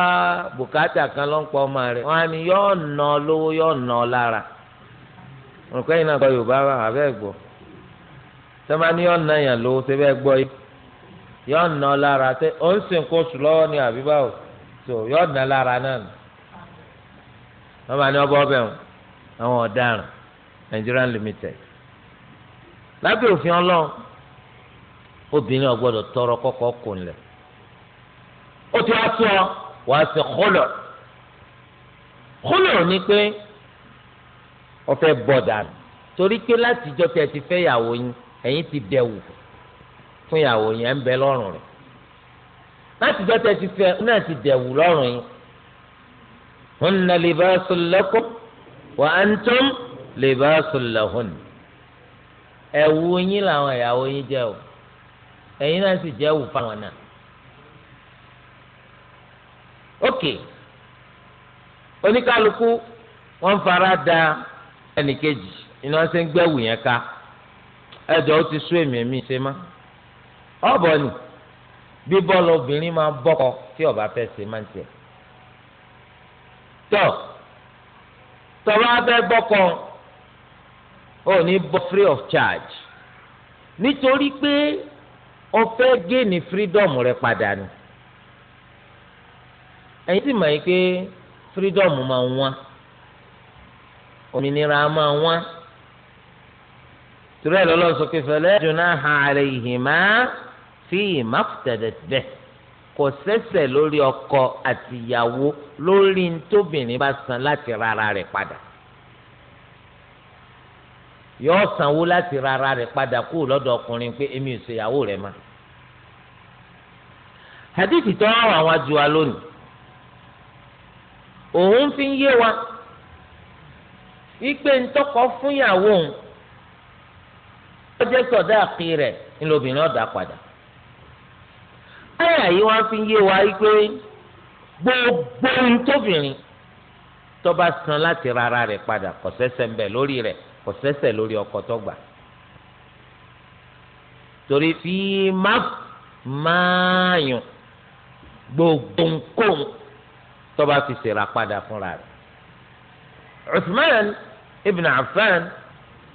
Speaker 1: bùkátà kan ló ń pọ̀ ọmọ rẹ̀ wọn á ní nà ọ lówó nà ọ lára yìí náà Yorùbá wa ní nà ọ lára ṣe ó ń sìn ni àbí báwo tó yọ̀ọ́ nà lára náà nù sọ́mà ní wọn àwọn Nigerian Limited lábẹ́ òfin ọlọ́run obìnrin ọgbọ́dọ̀ tọrọ kọ́kọ́ kò ń lẹ̀ ó ti wá sọ
Speaker 2: wàá sọ kólọ̀
Speaker 1: kólọ̀ ni pé ọ̀fẹ́ bọ̀dà torí pé látijọ́ tẹ ti fẹ́ yàwó yín ẹ̀yin ti dẹ̀wù fún yàwó yín ẹ̀ ń bẹ lọ́rùn rẹ̀ látijọ́ tẹ ti fẹ́ náà ti dẹ̀wù lọ́rùn yín hunna libasul lakum wa antum libasun lahun ẹ̀wù yín làwọn ìyàwó yín jẹ́ o ẹ̀yin náà sì jẹ́ ẹ̀wù fáwọn náà ókè oníkálukú wọ́n fara da ẹnìkejì iná ṣe ń gbẹ́wù yẹn ká ẹ̀dọ̀ ó ti sún èmi mi ṣe má ọ̀bọ̀ ni bí bọ́ọ̀lù obìnrin máa bọ́kọ tí ọba fẹ́ ṣe máa ń tiẹ̀ tọ́ tọ́ba fẹ́ bọ́kọ ò ní bọ́ free of charge nítorí pé o fẹ́ géènì freedom rẹ padà ni ẹ̀yin sì mọ̀ yìí pé freedom máa ń wá òmìnira máa ń wá tìrẹ lọlọ sọ pé fala junaha alayhima fi maftadat bih kò sẹ́ṣẹ̀ lórí ọkọ àtìyàwó lórí ntòbìnrin bá san láti rárá rẹ̀ padà yóò sanwó láti rara ara rẹ̀ padà kú lọ́dọ̀ ọkùnrin pé èmi ò ṣèyàwó rẹ̀ ma. hadithi tó wà àwọn aju wa lónìí òun fi ń yé wa wípé ntọ́kọ fún ìyàwó òun ó jẹ́ sọ̀dá àkì rẹ̀ ńlọbìnrin ọ̀dà padà. báyà yìí wọ́n fi ń yé wa wípé gbogbo ntóbìnrin tó san láti rara ara rẹ̀ padà kò ń bẹ lórí rẹ̀ kò sẹ́sẹ̀ lórí ọkọ tó gbà torí fi má máa yàn gbogbo nǹkan tó bá fi ṣèrà padà fúnra rẹ̀ Uthman ibn Affan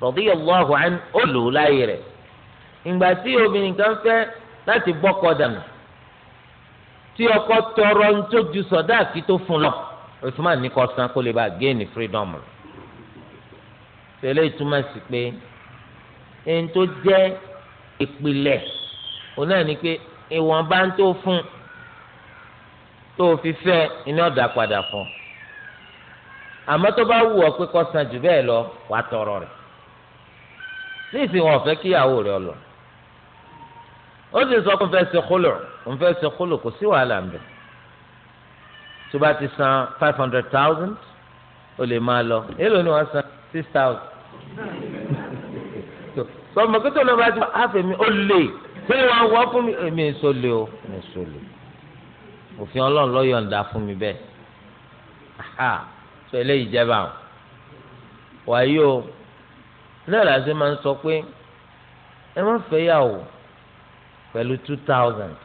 Speaker 1: radiyallahu anhu ó lò ó láyé rẹ̀ ìgbà tí obìnrin kan fẹ́ láti bọ́kọ dànù tí ọkọ tọrọ ń tó ju sọdáàkì tó fún lọ Uthman ní kó san kó lè bá géènì freedom rẹ̀ tẹ̀lé ìtumọ̀ sí pé ẹni tó jẹ́ ìpìlẹ̀ òun náà ni pé ìwọ̀nba ń tó fún tó fi fẹ́ iná ọ̀dà padà fún àmọ́ tó bá wù ọ́ pé kó san jù bẹ́ẹ̀ lọ wà á tọrọ rẹ̀ ní ìsìn wọn fẹ́ kíyàwó rẹ̀ lọ ó sì sọ pé òun fẹ́ ṣe kólò òun fẹ́ ṣe kólò kò sí wàhálà ń bẹ̀ tó bá ti san five hundred thousand ó lè máa lọ èló ni wọ́n san six thousand sọmọ kí tó lọ bá ti wá àfẹmí ah, ó lè ṣé wọn wọ fún mi èmi èso lè o èmi èso lè òfin ọlọ́run ló yọ̀ǹda fún mi bẹ́ẹ̀ sọ eléyìí jẹba o wàyí o náà làásì máa ń sọ pé ẹ má fẹ́ o pẹ̀lú two thousand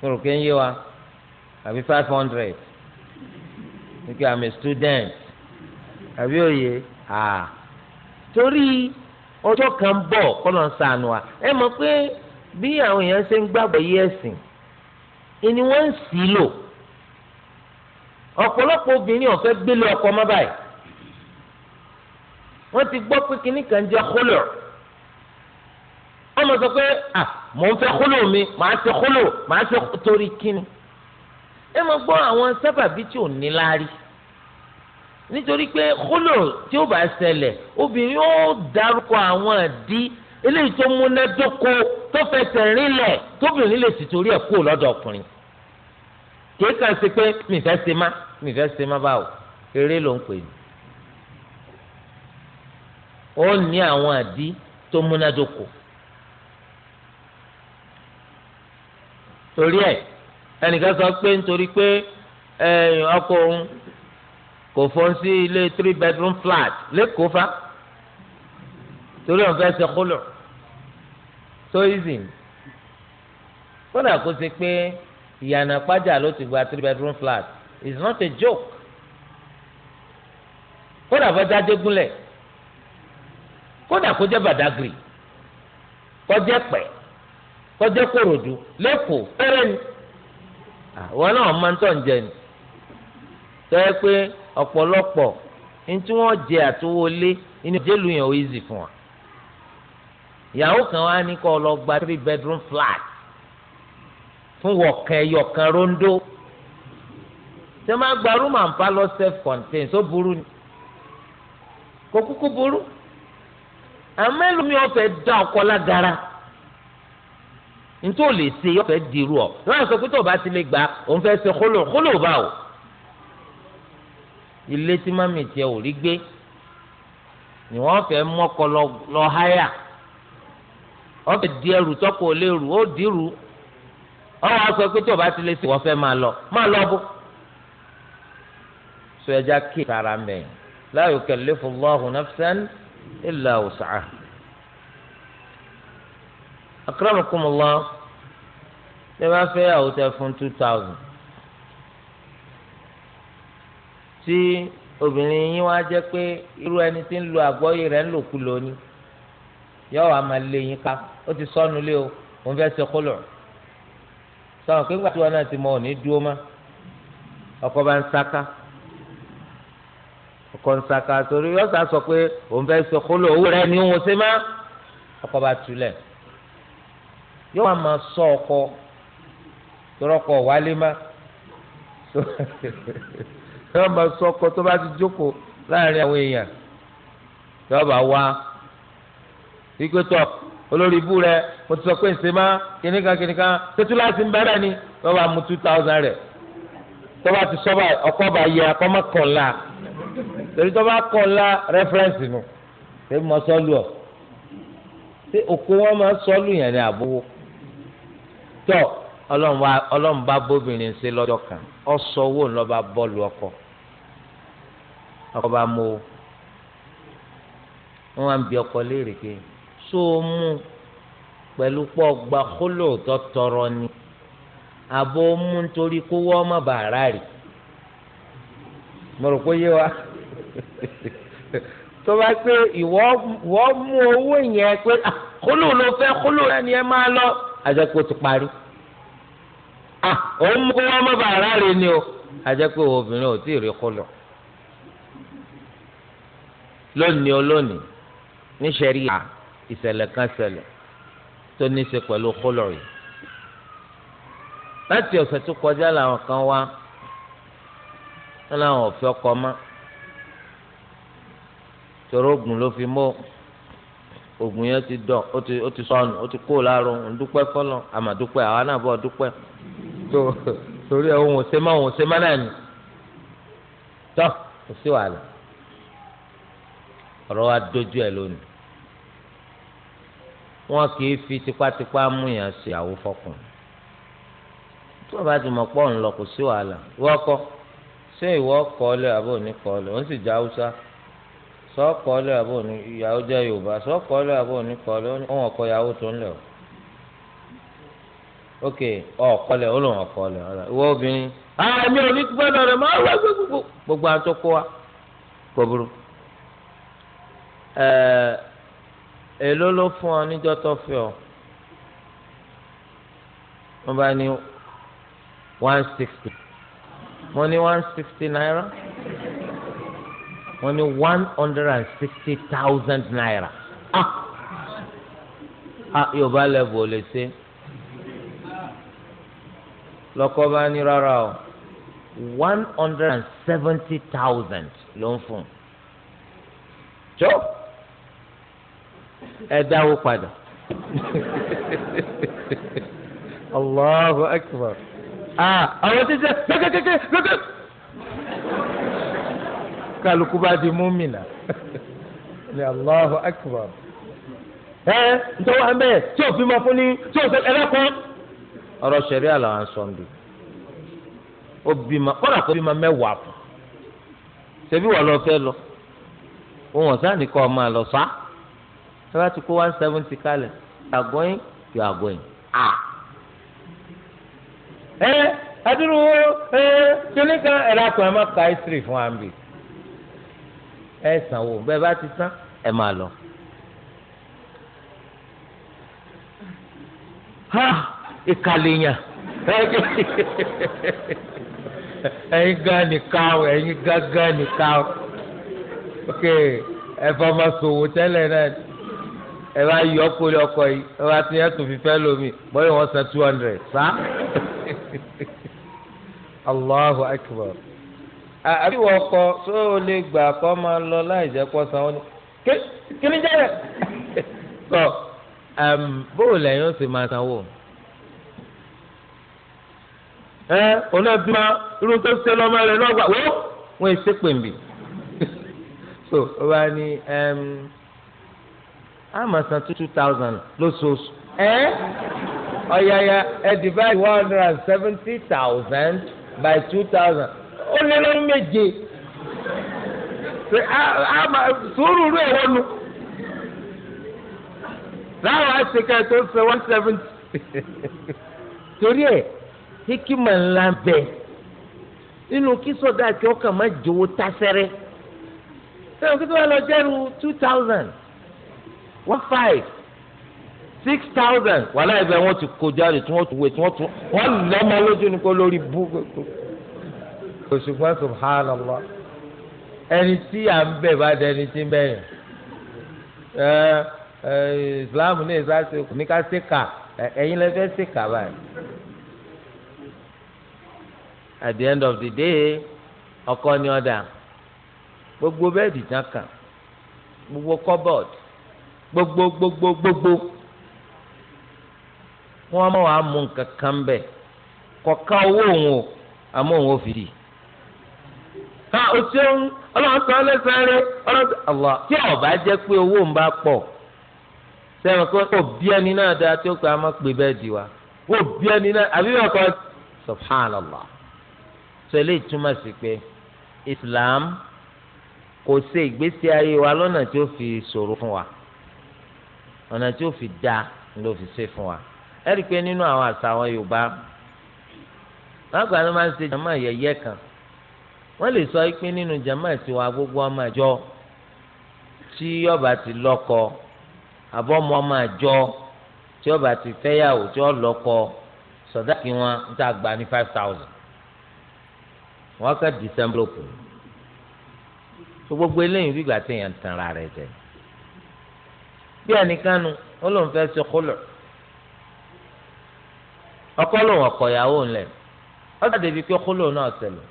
Speaker 1: kúrò kéń yé wa àbí five hundred nígbà I'm a student àbí òye. Ah. torí ọjọ́ kan bọ̀ kọ́lọ̀ ń sànù wa ẹ mọ̀ pé bí àwọn èèyàn ṣe ń gbàgbọ́ yí ẹ̀sìn ni wọ́n ń sì lò ọ̀pọ̀lọpọ̀ obìnrin ọ̀fẹ́ gbélé ọkọ mọ́ báyìí wọ́n ti gbọ́ pé kinní kan jẹ́ kólò wọ́n mọ̀ sọ pé à ah, mò ń fẹ́ kólò mi màá ṣe kólò màá ṣe torí kinní ẹ mọ̀ gbọ́ àwọn sábàbí tí ò ní láárí nítorí pé kólò tí ó bá ṣẹlẹ̀ obìnrin ó dárúkọ àwọn àdí eléyìí tó múnádóko tó fẹsẹ̀ rinlẹ̀ tóbìnrin lè sì torí ẹ̀ kú lọ́dọ̀ ọkùnrin kìí kàn ṣe pé mi fẹ́ ṣe má mi fẹ́ ṣe má báwo eré ló ń pè ní. ó ní àwọn àdí tó múnádóko torí ẹ̀ ẹnìkan sọ pé nítorí pé ọkọ òun kò fọ́n sí ilé three bedroom flat lẹ́kọ̀ọ́ fa torí ọ̀n fẹ́ ṣe kúlọ̀ so easy kódà kó ṣe pé ìyànà pàjà ló ti gba three bedroom flat is not a joke kódà fẹ́ dájé gúnlẹ̀ kódà kó jẹ́ bàdágìrì kọjẹ́ pẹ̀ kọjẹ́ kòròdú lẹ́kọ̀ọ́ fẹ́rẹ́ ni àwọn náà máa ń tọ̀ ń jẹ ni tẹ́ pé ọ̀pọ̀lọpọ̀ ntí wọ́n jẹ àtúwọlé ní jẹ́lu yẹn ò easy fún wa. ìyàwó kan wá ní kó lọ gba three bedroom flat fún wọ̀kan ẹyọkan rondo ṣé máa gba room and parlour self contained tó burú ni kò kúkú burú àmọ́ ẹlòmíì ọ̀fẹ́ dá ọkọ lágara ntí ò lè ṣe ọ̀fẹ́ dirú ọ̀ lọ́wọ́ sọ pé tó o bá ti lè gbà òun fẹ́ ṣe kólò kólò báwo ilé tí mami tiẹ̀ ò rí gbé ni wọ́n fẹ́ mọ́kọ lọ háyà wọ́n fẹ́ di ẹrù tọ́kọ̀ ò lè rù ó dìrù wọ́n wá sọ pé tí o bá ti lè sè wọ́n fẹ́ máa lọ máa lọ bó. sọ ẹja kí tara mẹ́yìn la yukallifu Allahu nafsan illa wus'aha. akramakumullah ṣé bá fẹ́ àwòtẹ́ fún two thousand. tí obìnrin yín wá jẹ́ pé irú ẹni tí ń lo àgbọ́yé rẹ̀ ń lòkù lónìí yóò wá máa lé yín ká ó ti sọnù lé o òun fẹ́ ṣe kólọ̀ sọ̀rọ̀ pé gbàtúwọ̀ náà ti mọ òní dúró má ọkọ bá ń sáká ọkọ ń sáká torí sọ pé òun ṣe owó ni òun ṣe má ọkọ bá sọ ọkọ wálé má. yọọ máa sọ ọkọ tó bá ti jókòó láàrin àwọn èèyàn yọọ bá wá ikú tọ olórí ibú rẹ mo ti sọ pé ǹsẹ̀ má kìnnìkan kìnnìkan tètú láti ń bẹ̀rẹ̀ ni yọọ bá mú two thousand rẹ tó bá ti sọ báyìí ọkọ bá yẹ akọ má kàn la torí tó bá kàn la rẹfúrẹ́ǹsì nù pé mo sọ lù ọ ṣé òkú wọn máa sọ lù yẹn ní àbúrò tọ ọlọ́run bá bóbìnrin ṣe lọ́jọ́ kan ọ sọ owó ńlọ́ba bọ́ọ̀lù ọkọ̀ ọkọ bá mú o wọn wá ń bi ọkọ léèrè pé so mú pẹ̀lú pọ̀ gba kóló tó tọrọ ni àbò mú nítorí kó wọ́ ọmọ bàárà rì mo rò pé yé wa tó bá pé ìwọ mú owó yẹn pé ah, kóló ló fẹ́ kóló rẹ ni ẹ máa lọ àjẹ kó ti parí ah, òun mú kó wọ́ ọmọ bàárà rì ni o àjẹ pé obìnrin ò tí ì rí kóló lónìí olónìí ní sẹ́ríà ìṣẹ̀lẹ̀ kan ṣẹlẹ̀ tó ní í ṣe pẹ̀lú kólọ̀rì láti ọ̀sẹ̀ tó kọjá làwọn kan wá wọn làwọn ọ̀fẹ́ ọkọ mọ́ tòró oògùn ló fi mọ́ oògùn yẹn ti dọ̀ ó ti sọnù ó ti kó láàrún ndúpẹ́ fọlọ́ àmàdúpẹ́ àwa náà bọ̀ dúpẹ́ torí ẹ̀ òun ò ṣe má òun ò ṣe má náà ni tọ́ kò sí wàhálà ọ̀rọ̀ wa dójú ẹ̀ lónìí wọn kì í fi tipátipá mú yàn ṣe àwọn fọkùn tí wọn bá ti mọ̀ pọ̀ ńlọ kò sí wàhálà wọ́n kọ́ ṣé ìwọ kọ́ọ́lẹ̀ àbò ní kọ́ọ́lẹ̀ ó sì já haúsá sọ kọ́ọ́lẹ̀ àbò ní ìyàwó jẹ́ yorùbá sọ kọ́ọ́lẹ̀ àbò ní kọ́ọ́lẹ̀ ọ̀hún ọkọ ìyàwó tó ń lẹ̀ o ok ọ̀kọ́lẹ̀ ó lòun ọ̀kọ́lẹ̀ ọ̀rọ̀ ìwọ obìnrin àmì ah, òní gbọ́dọ̀ rẹ̀ máa wá gbogbo gbogbo ẹ èló ló fún ọ níjọ́ tó fi ọ wọ́n bá ní one sixty mo ní one sixty naira wọ́n ní one hundred and sixty thousand naira ah ah yorùbá lẹ́bù ò lè ṣe lọ́kọ́ bá ní rárá o one hundred and seventy thousand ló ń fún un ẹ padà allahu akbar ah àwọn títí kékeré kálukú bá di múmìnà allahu akbar ẹ tí òfin fún ni tí òfin ọ̀rọ̀ sẹ̀rí kó mẹ́wàá fún lọ fẹ́ lọ òun ẹ bá ti kó one seventy kalẹ̀ you are going you are going ah. ẹ adúrú ẹ kíní kan ẹ lápò ẹ má ka history fún wa nbí ẹ sanwó bẹ́ẹ̀ bá ti san ẹ máa lọ. ha ìkàlẹ̀ yàn ẹyin gan ni káwọ ẹyin gángan ni káwọ ok ẹ fọmọ sòwò tẹ́lẹ̀ náà ẹ bá yọ ọkùnrin ọkọ yìí ẹ bá tún yẹ tó fi fẹ́ lómi bọ́lá wọn san two hundred sá. Allahu akbar. àbí wọ́n kọ tó o lè gbà kọ́ máa lọ láì jẹ́ kó san wọn. kí ni jẹ́rẹ̀? sọ bóò lẹ́yìn ó máa sanwó. ẹ ọ̀nà bí wọn irun tó ṣe lọ́mọ rẹ̀ lọ́gbà wọ́n wọ́n ṣépè mbì. so ó bá Um, a máa san two thousand lóṣooṣù ẹ ọ̀yàyà ẹ divide one hundred and seventy thousand by two thousand ó lé lọ́wọ́ méje sùúrù rẹ̀ wọ́n nu láwọn àṣekà tó ṣe one seventy torí ẹ hikima ńlá bẹ nínú kí sọdá àti ọkàn má jowó tásẹrẹ sẹ́wọ̀n kí sọdá lọ jẹ́rù two thousand one five six thousand wàhálà ibẹ̀ wọ́n ti kó jáde tí wọ́n ti wé tí wọ́n ti wọ́n lọ́mọ lójú ni kó lórí bú. òṣùpá subhanallah ẹni tí à ń bẹ̀ bá dẹni tí ń bẹ̀ yẹn islam ní ìsáṣe ní ká ṣe kà ẹ̀yin lè fẹ́ ṣe kà báyìí. at the end of the day ọkọ ni ọ̀dà gbogbo bẹ́ẹ̀dì tán kàn gbogbo cupboard gbogbo gbogbo gbogbo wọn mú nǹkan kọka owó òun o àmọ́ òun ò fi di ká o ṣeun ọlọ́run sọ ọba jẹ́ pé owó ń bá pọ̀ sẹ́wọ̀n kí wọ́n bí ẹni náà tí ó pé a máa pè bẹ́ẹ̀ di wa wọ́n bí ẹni náà àbí wọ́n kọ́ ọ̀nà tí ó fi dáa ló fi ṣe fún wa ẹ rí i pé nínú àwọn àṣà àwọn Yorùbá lágbà ló máa ń ṣe jàmá yẹyẹ kan wọ́n lè sọ pé nínú jàmá tiwa gbogbo ọmọ àjọ tí ọba ti lọ́kọ àbọ̀mọ́ ọmọ àjọ tí ọba ti fẹ́yàwó tí ó lọ́kọ sọdáàkì wọn ń tà gbà ní five thousand wọ́n kà dìsẹ́mbùlọ̀pù gbogbo eléyìí bí gbà téèyàn ń rẹ̀ jẹ́ bí ẹnìkanu ó lóun fẹ́ ṣe kólọ̀ ọkọ lòun ọkọ ìyàwó ńlẹ̀ ọjà débi pé kólọ̀ náà ṣẹlẹ̀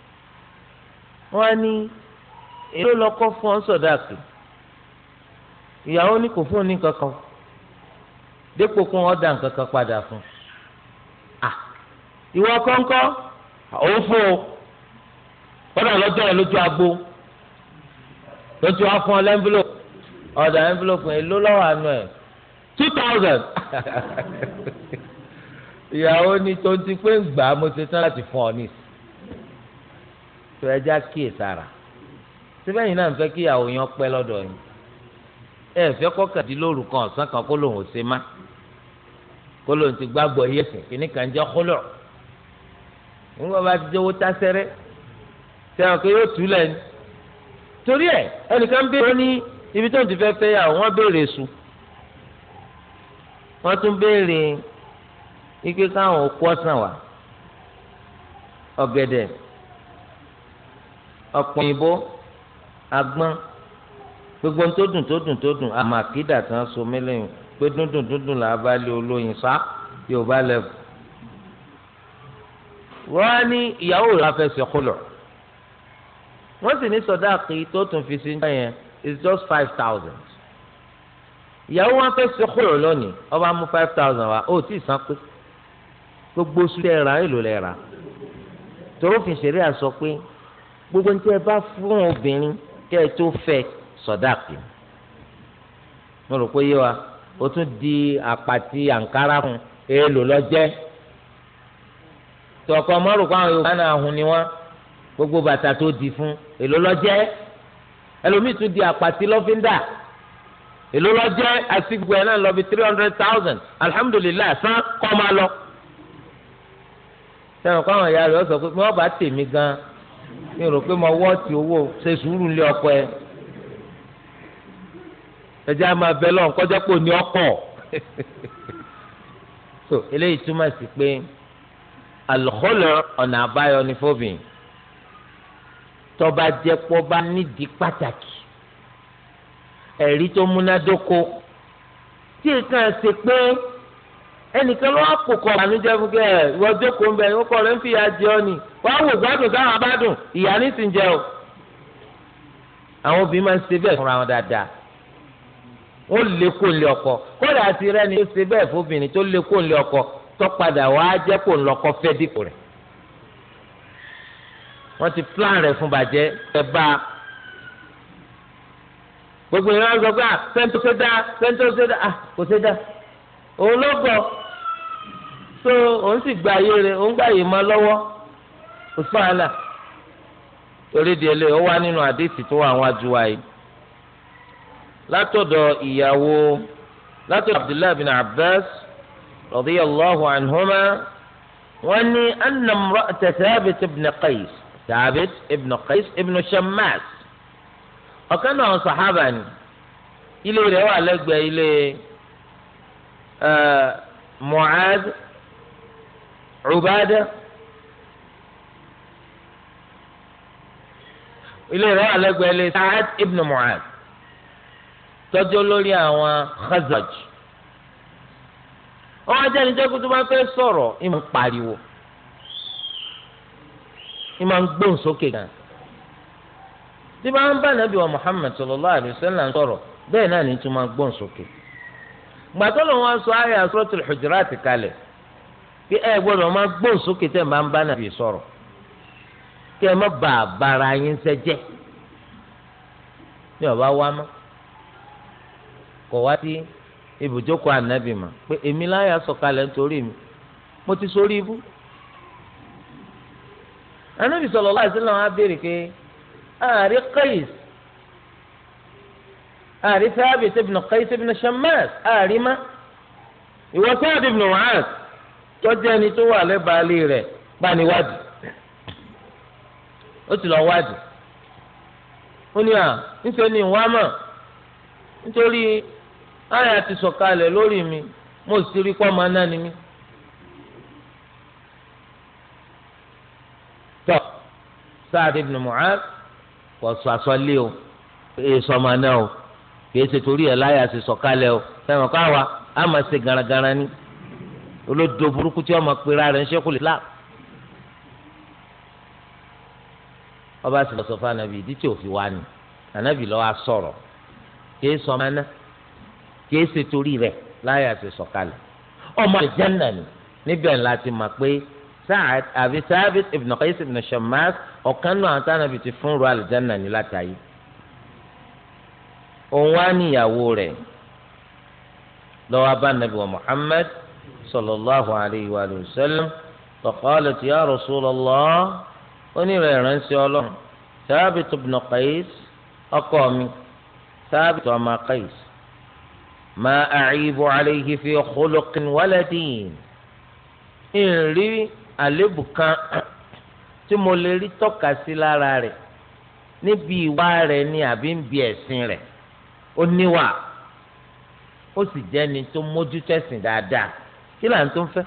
Speaker 1: wọ́n ní èló lọ́kọ́ fún ọ́sọ̀dàkì ìyàwó ní kò fún ní kankan dépò kún ọ̀dà nǹkankan padà fún ah ìwọ kọ́ńkọ́ òun fún o kọ́dà lọ́jọ́ yẹn lójú agbo lójú afọ́ lẹ́ńbílò ọ̀dà envelope yẹn ló lọ́wọ́ àánú ẹ̀ two thousand ìyàwó ni tó ti pé ń gbà á mo ti tán láti fún ọ ní tó ẹ já kíyè sára síbẹ̀ yìí náà ń fẹ́ kí ìyàwó yẹn pẹ́ lọ́dọ̀ yìí ẹ fẹ́ kọ́kàdínlóru kan ọ̀sán kan kó lòun ò ṣe má kó lòun ti gbàgbọ́ yé sìn kí ní kàn jẹ́ kólọ̀ nígbà bá ti jẹ́wọ́ tásẹ́rẹ́ tẹ̀ ọ́ pé yóò tú lẹ́nu torí ẹ̀ ẹnìkan bí wọ́n ní ibi tó ń ti fẹ́ fẹ́ yà wọ́n béèrè sùn wọ́n tún béèrè ike káwọn òkú ọ̀sán wa ọ̀gẹ̀dẹ̀ ọ̀pọ̀ òyìnbó agbọ́n gbogbo tó dùn tó dùn tó dùn àmọ́ àkídà tí wọ́n so mílíọ̀nù pé dúndùn dúndùn là á bá lé olóyin sá yóò bá lẹ́fù. wọ́n á ní ìyàwó rẹ̀ afẹsẹ̀ kọlọ̀ wọ́n sì ní sọ̀dáàkì tó tún fi sí ń jẹ́ yẹn is just five thousand ìyàwó wọn fẹ́ ṣe kúrò lónìí ọba mú five thousand wa ó tí san pé gbogbo oṣù lè ra èlò lè ra torófin ṣeré àsọ pé gbogbo ní tí ẹ bá fún obìnrin kí ẹ tó fẹ́ sọdáàpì mo rò pé yé wa o tún di àpàtì àǹkárá fún èèlò lọ́jẹ́ tọkọ mọ́rùkọ́ àwọn Yorùbá náà hun ni wọ́n gbogbo bàtà tó di fún èèlò lọ́jẹ́ ẹlòmíì tún di àpàtì lọ́fíńdà èló lọ́jẹ́ àsìgbò ẹ̀ náà lọ bí three hundred thousand alihamudulilayi san kọ́ máa lọ. sẹ́wọ̀n kọ́ àwọn ìyá rẹ̀ sọ pé mi ò bá tèmi gan mi rò pé mo wọ́ ti owó ṣe sùúrù lé ọkọ ẹ
Speaker 2: ẹjẹ́ a máa bẹ lọ́n kọjá pò ní ọkọ̀
Speaker 1: so eléyìí túmọ̀ sí pé alùkọ́lọ̀ ọ̀nà àbáyọ ni fóbìn tọba jẹpọ bá nídìí pàtàkì ẹ̀rí tó múnádóko tí nǹkan ṣe pé ẹnìkan ló wá pò kọ ìbànújẹ́ fún kẹ ẹ wọ jókòó ń bẹ ó kọ rẹ ń fìyà jẹ ọ ni wàá wò gbádùn táwọn abádùn ìyá ní jẹ o àwọn obìnrin máa ń ṣe bẹ́ẹ̀ fúnra wọn dáadáa ó lé kó lé ọkọ kódà àti rẹni tó ṣe bẹ́ẹ̀ fóbìnrin tó lé kó lé ọkọ tó padà wàá jẹ kó lọkọ fẹ́ dìpọ rẹ wọ́n ti plan rẹ̀ fún bàjẹ́ ẹ bá a gbogbo ìran sọ pé pẹ́ńtò ah, ṣe dá pẹ́ńtò ṣe dá ah, kò ṣe dá òun ló gbọ́ so òun sì gba ayé rẹ̀ òun gba ayé lọ́wọ́ kò sí wàhálà torí di ẹlẹ́yìn ó wá nínú àdéhìí tó wà àwọn adúwà yìí látọ̀dọ̀ ìyàwó látọ̀dọ̀ Abdullahi bin Abbas radiyallahu anhuma wọ́n ní anamra'ata Thabit ibn Qais. Thabit ibn Qais ibn Shammas ọ̀kan náà sàhábà ni ilé rẹ̀ wà lẹ́gbẹ̀ẹ́ ilé Mu'adh Ubadah ilé rẹ̀ wà lẹ́gbẹ̀ẹ́ ilé Sa'ad ibn Mu'adh tọ́jú lórí àwọn Khazraj ọ̀hún ni jẹ́ bá fẹ́ sọ̀rọ̀ ìmú pariwo. ní ma ń gbóhùn sókè gan. tí bá ń bá nàbí wa Muhammad sallallahu alaihi wasallam sọ̀rọ̀ bẹ́ẹ̀ náà ní tún máa gbóhùn sókè. gbàtọ́ ló wọn sọ ayé ti kalẹ̀ kí ẹ gbọ́dọ̀ máa gbóhùn sókè tẹ̀ máa ń bá nàbí sọ̀rọ̀ kí ẹ má bà á bára yín ní ọba wa kọ̀ wá sí ibùjókòó ànábì mà pé èmi láyà anabi sallallahu alaihi wasallam á béèrè pé ààrí Qais ààrí Thabit ibn Qais ibn Shammas ààrí má ìwọ Sa'd ibn Mu'az tọ́jú ẹni tó wà lẹ́bàálẹ̀ rẹ̀ gbaniwádìí ó ti lọ wádìí ó ní à níṣẹ́ ni ìwà mọ̀ nítorí àyà ti sọ̀kalẹ̀ lórí mi mo sì rí pọ́ máa ná mi tọ́ Sa'ad ibn Mu'adh kò sọ àsọlé o èyí sọmọ náà o kìí ṣe torí ẹ̀ láyà ṣe sọ̀kalẹ̀ o sẹ́wọ̀n kọ́ àwa á máa ṣe garagara ni olódo burúkú tí wọ́n máa pera rẹ̀ ń ṣe kò lè la. ọba sì lọ sọ fún anabi ìdí tí òfin wa ni anabi lọ́wọ́ a sọ̀rọ̀ kìí sọmọ náà kìí ṣe torí rẹ̀ láyà ṣe sọ̀kalẹ̀ ọmọ àlùjánnà ni níbẹ̀ ńlá ti mà pé سعد أبي ثابت ابن قيس ابن الشماس ọ̀kan náà tá nàbì ti fún ru àlùjáná ní látàyè òun wá níyàwó rẹ̀ lọ́wọ́ bá nàbì wa Muhammad sallallahu alayhi wa sallam tọ̀kọ́lẹ̀ tí ya Rasulullah onírẹ̀ ìránṣẹ́ ọlọ́run Thabit ibn Qais ọkọ mi Thabit ọmọ Qais ma a'ibu alayhi fi khuluqin wala din ìrìn rí. àlébù kan tí mo lè rí tọ́ka sí lára rẹ̀ níbi ìwà rẹ̀ ni àbí ń bi ẹ̀sìn rẹ̀ ó níwà ó sì jẹ́ni tó mójútó ẹ̀sìn dáadáa kí là ń tó ń fẹ́.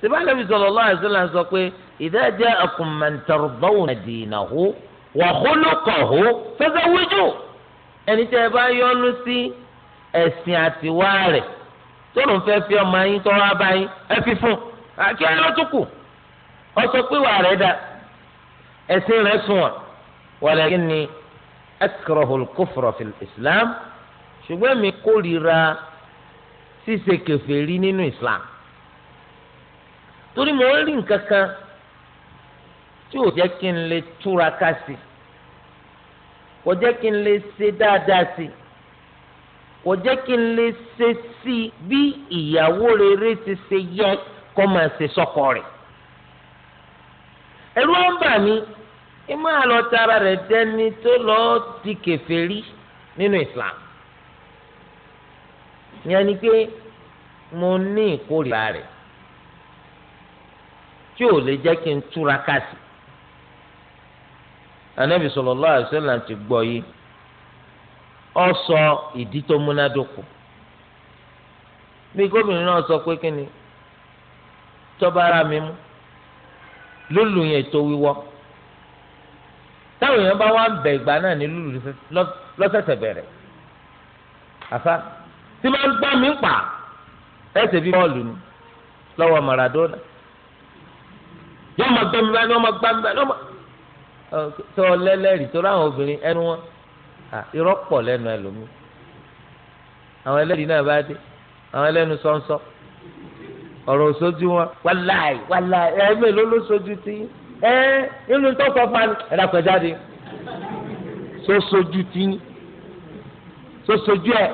Speaker 1: sèbá lẹ́bi sallallahu alaihi wasallam sọ pé idha ja'akum man tardawna dinahu wa khuluquhu fazawwiju ẹni tẹ́ ẹ bá yọ́nú sí ẹ̀sìn àtiwá rẹ̀ tó ló fẹ́ fi ọmọ yín tọ́wọ́ abáyín ẹ fi fún un ẹ lọ́tún
Speaker 2: ọsọ pé wà rẹ dá
Speaker 1: ẹsìn rẹ sùn walakinni akrahul kufra fil islam ṣùgbọ́n mi kórìíra ṣíṣe kèfèrí nínú islam torí mo ń rí nǹkan kan tí ò jẹ́ kí n lè túraká sí kò jẹ́ kí n lè ṣe dáadáa sí kò jẹ́ kí n lè ṣe sí bí ìyàwó rere ti ṣe yẹ kó máa ṣe sọ́kọ rẹ̀. Elu ń bà mí ẹ máa lọ tara rẹ̀ dẹni tó lọ di nínú Islam ìyẹn ni pé mo ní ìkórìíra rẹ̀ tí ò lè jẹ́ kí n túra káàsì anabi sallallahu alaihi wasallam ti yìí ọ sọ ìdí tó múnádóko bí gómìnà náà sọ pé kí ni tọ́ba Lulu yẹn tó wíwọ́ táwọn èèyàn bá wá ń bẹ ìgbà náà ní lùlù lọ́sẹ̀sẹ̀ bẹ̀rẹ̀ àfa tí máa ń gbọ́ mi ń pa ẹsẹ̀ bí bọ́ọ̀lù ni lọ́wọ́ Maradona yọ ọmọ gbẹmí báyìí ni ọmọ gbẹmí báyìí ni ọmọ tó lẹ́lẹ́rìí tó ráwọn obìnrin ẹnu wọn irọ́ pọ̀ lẹ́nu ẹlòmíì àwọn ẹlẹ́rìí náà bá dé àwọn ẹlẹ́nu sọ́nsọ́ ọ̀rọ̀ sójú wọn wàláì wàláì ẹ̀ẹ́mẹ̀ ló ló sójú tí ẹ̀ nínú tó sọ fún mi ẹ̀dá pẹ̀ jáde
Speaker 2: só tí ẹ̀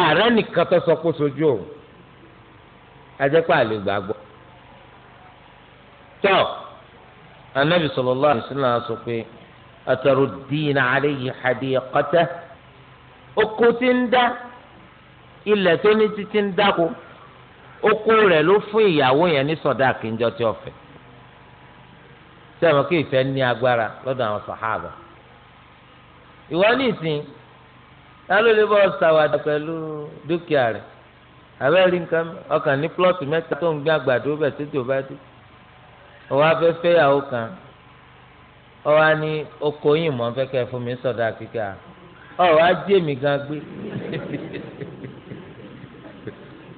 Speaker 1: ààrẹ nìkan tó sọ pé àlè gbàgbọ́ tọ́ anabi sọ pé ilẹ̀ tó ní títí ń dáko oko rẹ̀ ló fún ìyàwó yẹn ní sọ̀dá kìíjọ tí ọ̀fẹ́ sẹ́wọ̀n kí ìfẹ́ ní agbára lọ́dọ̀ àwọn sàhábà ìwọ ní ìsìn lálọ́ lè bọ́ sàwádà pẹ̀lú dúkìá rẹ̀ abẹ́rẹ́ nǹkan ọkàn ní plọ́ọ̀tù mẹ́ta tó ń gbé àgbàdo bẹ̀ títí ò bá dé ọwọ́ afẹ́ fẹ́yàwó kan ọwọ́ á oko yìí mọ́ fẹ́ kẹ́ fún mi sọ̀dá kíkà ọwọ́ á jí gan gbé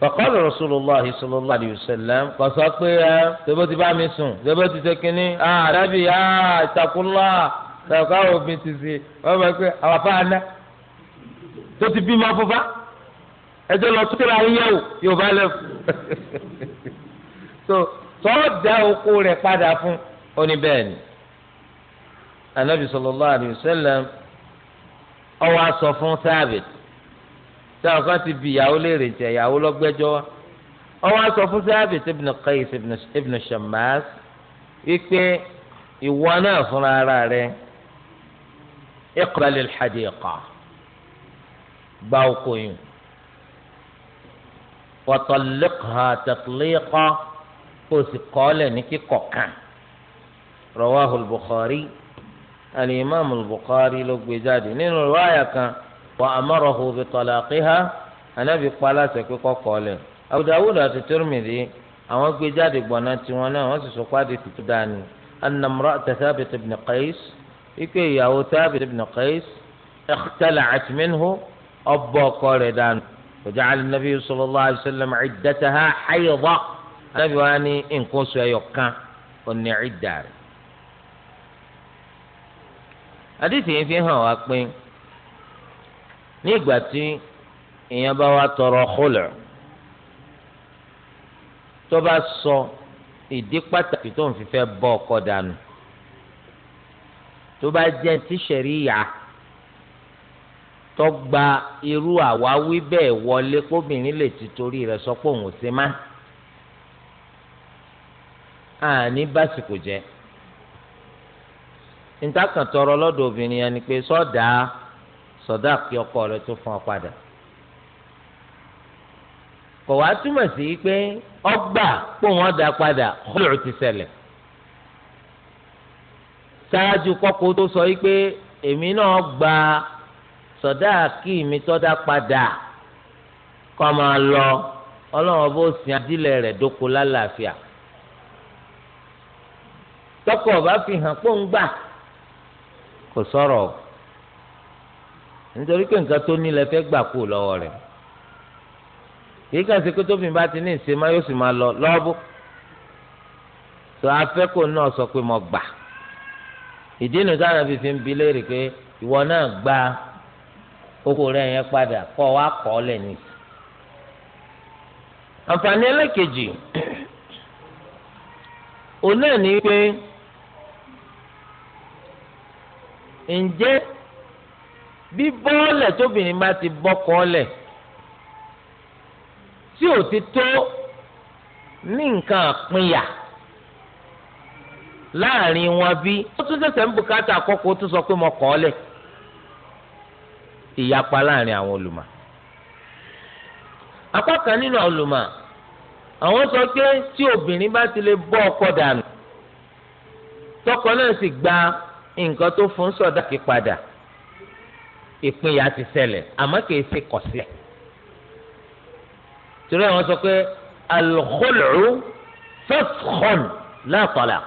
Speaker 1: fọkànlọ rasulillah sallallahu alayhi wa sallam kọsọ pé ẹ ah, tẹbó ti bá mi sùn tẹbó ti ṣe kínní ah, àdábì á ah, ìtàkùnlá tẹ̀ka òfin ti ṣe wọ́n bá pé àwọn afá aná tó ti bí ma fún fa ẹjọ́ lọ sókè láyé yẹ̀ wò yóò bá lẹ̀ fún tó da oko rẹ̀ padà fún oní bẹ́ẹ̀ ni anabi sallallahu alayhi wa sallam ó wá sọ fún sábẹ̀tì táwọn kan ti bi ìyàwó léèrè ntẹ ìyàwó lọ́gbẹ́jọ́ wa ọwọ́ aṣọ fún sábẹ̀ tí ibn Qais ibn Shammas wípé ìwọ náà fúnra ara rẹ iqbal al-hadiqa gba okoyun wa talliqha tatliqa kó o sì kọ́ ní kíkọ̀ kan rawahu al-Bukhari al ló gbé jáde nínú riwaya kan. وأمره بطلاقها النبي قال سكيك قال أبو داود الترمذي أو جاد بنات وانا وسوس تداني أن امرأة ثابت بن قيس إكي أو ثابت بن قيس اختلعت منه أبو قردان وجعل النبي صلى الله عليه وسلم عدتها حيضة النبي واني إن كنت يقان أني عدة حديثي فيها هوا ní ìgbà tí èèyàn bá wá tọrọ khulu tó bá sọ ìdí pàtàkì tó ń fi fẹ́ bọ́ ọkọ dànù tó bá jẹ́ ti ṣẹ̀ríyà tó gba irú àwáwí bẹ́ẹ̀ wọlé kóbìnrin lè ti torí rẹ̀ sọ pé òun ò má àní básìkò jẹ́ ntakàn tọrọ lọ́dọ̀ obìnrin yẹn ni pé sọ́dàá. So sọdáàkì ọkọ rẹ tó fún ọ padà kò wá túmọ̀ sí pé ọgbà pò wọ́n dá padà ọlọ́run ti ṣẹlẹ̀ ṣáájú kọ́kọ́ tó sọ pé èmi náà gba sọdáàkì mi tọ́dá padà kọ́ máa lọ ọlọ́run bó sin adílẹ̀ rẹ̀ dóko lálàáfíà tọkọ ọba fi hàn pọ̀ ń gbà kò sọ̀rọ̀ nítorí pé nǹkan tó ní lẹ fẹ́ gbà kú lọ́wọ́ rẹ̀ kì í kàn sí pé tófin bá ti ní ìsinmi yóò sì máa lọ lọ́ọ́bù tó afẹ́kọ̀ọ́ náà sọ pé mo gbà ìdí inú sáà fi fi ń bi léèrè pé ìwọ náà gba oko rẹ yẹn padà kọ́ wa kọ́ lẹ̀ ní. àǹfààní ẹlẹ́kejì òun náà ní pé ǹjẹ́ bí bọ́ọ̀lẹ̀ tóbìnrin bá ti bọ́kọ lẹ̀ tí ò ti tó ní nǹkan àpínyà láàrin wọn bí ó tún ṣẹ̀ṣẹ̀ ń bùkátà àkọ́kọ́ tún sọ pé mo kọ́ lẹ̀ ìyapa láàrin àwọn olùmọ̀ apá kan nínú àwọn olùmọ̀ àwọn sọ pé tí obìnrin bá ti lè bọ́ ọkọ dànù tọkọ náà sì gba nǹkan tó fún sọ̀dáàkì padà. ìpínyà ti ṣẹlẹ̀ àmọ́ kìí ṣe kọ̀sílẹ̀ torí àwọn sọ pé alukólùú fẹ́fọ́n látọ̀là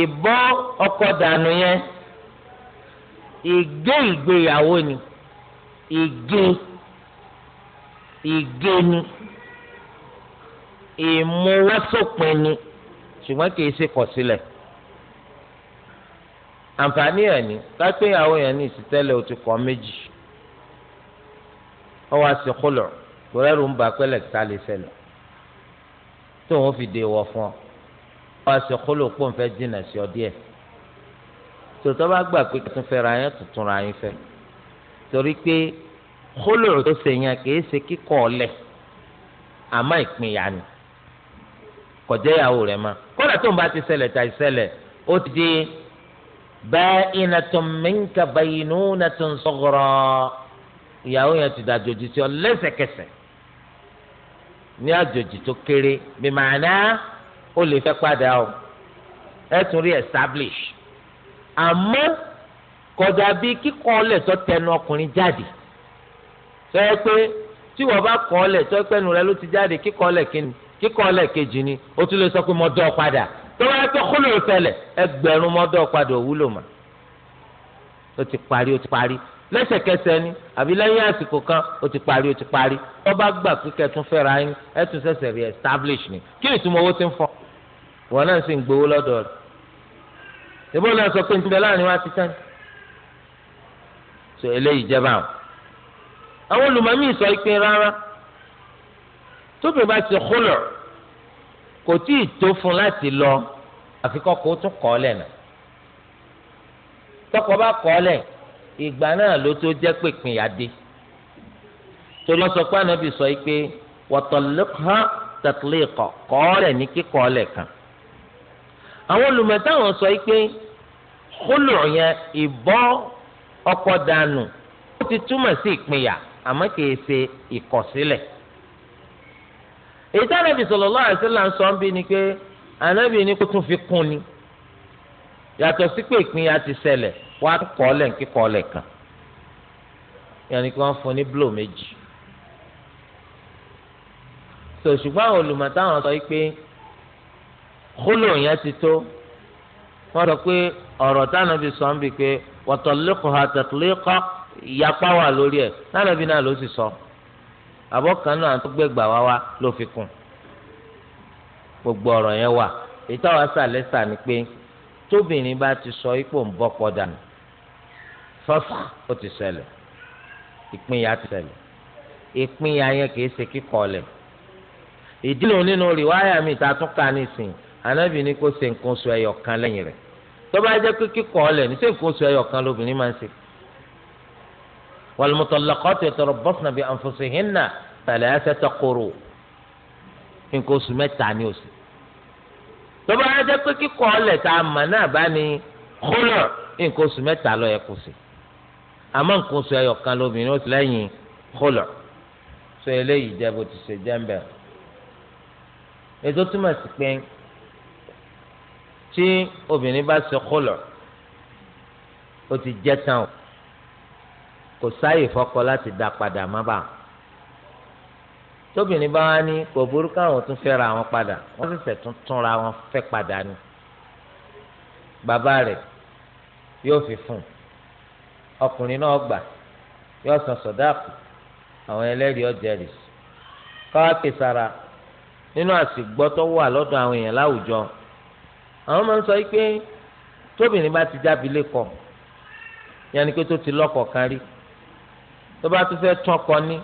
Speaker 1: ìbọ́ ọkọ dànù yẹn ìgé ìgbéyàwó ni ìgé ìgé ni ìmúwọ́sọ̀pin ni ṣùgbọ́n kìí ṣe kọ̀sílẹ̀ àǹfààní ẹ̀ ní kápẹ́ ìyàwó yẹn ní ìsítẹ́lẹ̀ o ti kọ́ méjì ọ wá sí kúlọ̀ tòrẹ́rù ń ba pẹ́lẹ̀ ta lè ṣẹlẹ̀ tó wọn fi dè wọ fún ọ ọ wá sí kúlọ̀ pọ̀ ń fẹ́ dínà sí ọ díẹ̀ tòótọ́ bá gbà pé tuntun fẹ́ ra yẹn tuntun ra yẹn fẹ́ torí pé kúlọ̀ tó ṣe yẹn kìí ṣe kíkọ́ ọ̀lẹ̀ àmọ́ ìpínyà ni kọjá ìyàwó rẹ̀ ma kọ́lá tó ń bá ti ṣẹlẹ̀ ta ìṣẹlẹ̀ ó ti di báyìnàtún mìínkà báyìnúnàtún sọ̀rọ̀ ìyàwó yẹn ti dàjòjì sí ọ lẹ́sẹ̀kẹsẹ̀ ní àjòjì tó kéré bí màánà ó lè fẹ́ padà o ẹ tún rí establish àmọ́ kọjá bíi kíkọ́ ọlẹ̀ tó tẹnu ọkùnrin jáde sọ yẹ pé tí wọ́n bá kọ́ ọlẹ̀ tó pẹ́nu rẹ ló ti jáde kíkọ́ ọlẹ̀ kíni kejì ni ó tún lè sọ pé mo dọ́ ọ padà tọ́wọ́ ẹ tó kúlò ṣẹlẹ̀ ẹgbẹ̀rún mọ́dọ̀ padà òwúlò mà ó ti parí ó ti parí lẹ́sẹ̀kẹsẹ̀ ni àbí lẹ́yìn àsìkò kan ó ti parí ó ti parí wọ́n bá gbà pé kẹtún fẹ́ra yín ẹ tún ṣẹ̀ṣẹ̀ rí establish ni kí ni ìtumọ̀ owó ti ń fọ́ wọn náà sì ń gbowó lọ́dọ̀ rẹ̀ ìbò náà sọ pé nítorí láàrin wa ti tán eléyìí jẹba àwọn olùmọ̀mí sọ pé rárá tóbi bá ti kúlọ̀ kò tí ì tó fún láti lọ àfikọ́ kó tún kọ́ lẹ̀ nà tọkọ bá kọ́ lẹ̀ ìgbà náà ló tó jẹ́ pé pìnyà dé torí wọ́n sọ pé ànábì sọ yìí pé wọ́tọ̀lẹ́kọ́ tẹ̀tìlẹ́kọ̀ kọ́ lẹ̀ ní kíkọ́ lẹ̀ kan àwọn olùmọ̀táwọn sọ yìí pé kólù yẹn ìbọ́ ọkọ̀ dànù ó ti túmọ̀ sí ìpínyà àmọ́ kìí ṣe ìkọ̀sílẹ̀. Si èyí tí anabi sallallahu alaihi wasallam sọ ń bí ni pé anabi ni kó tún fi kún ni yàtọ̀ sí pé ìpínyà ti ṣẹlẹ̀ wá kọ́lẹ̀ ń kíkọ́lẹ̀ kan yàní kí wọ́n fún ní bló méjì so ṣùgbọ́n àwọn olùmọ̀tá wọn sọ pé kóló yẹn ti tó wọ́n sọ pé ọ̀rọ̀ táwọn sọ ń bi pé wa talliquha tatliqa ìyapa wà lórí ẹ̀ tánàbí náà ló sì sọ. So àbọ̀kan náà tó gbẹ̀gbà wá wá ló fi kún gbogbo ọ̀rọ̀ yẹn wà ètò àwọn sàlẹ́sà ni pé tóbìnrin bá ti sọ ipò ń bọ́ pọ̀ dànù fọ́fà ó ti ṣẹlẹ̀ ìpínyà ti ṣẹlẹ̀ ìpínyà yẹn kìí ṣe kíkọlẹ̀ ìdílé nínú rìwáyà mi ta tún ká nísìn anábì ni kò ṣe nǹkan oṣù ẹyọ kan lẹ́yìn rẹ̀ tó bá jẹ́ pé kíkọlẹ̀ ní ṣe oṣù ẹyọ kan lóbìnrin máa ń ṣe والمطلقات يتربصن بأنفسهن ثلاثة قروء nǹkan oṣù mẹ́ta ni oṣù tó bá yẹ pé kíkọ ọlẹ̀ tá a mọ̀ náà bá ní kólọ̀ nǹkan oṣù mẹ́ta ló yẹ kó sí àmọ́ nǹkan oṣù ẹyọ kan lóbìnrin ó ti lẹ́yìn kólọ̀ tó eléyìí jẹ́ bó ti ṣe jẹ́ ń bẹ̀. ètò túmọ̀ sí pé tí obìnrin bá ṣe kólọ̀ ó ti jẹ́ tán o kò sáàyè fọ́kọ láti dá padà má bà tóbìnrin bá wá ní kò burú káwọn tún fẹ́ra wọn padà wọ́n ṣẹ̀ṣẹ̀ tún túnra wọn fẹ́ padà ni bàbá rẹ̀ yóò fi fún ọkùnrin náà gbà yóò san sọdáàpù àwọn ẹlẹ́rìí ọ̀jẹ̀rìs káwá kẹsàrà nínú àsìgbọ́tọ̀ wà lọ́dọ̀ àwọn èèyàn láwùjọ àwọn máa ń sọ pé tóbìnrin bá ti jábìlẹ̀ kọ yẹn ni pé tó ti lọ́kọ kan rí tó bá tún fẹ́ tún ọkọ ní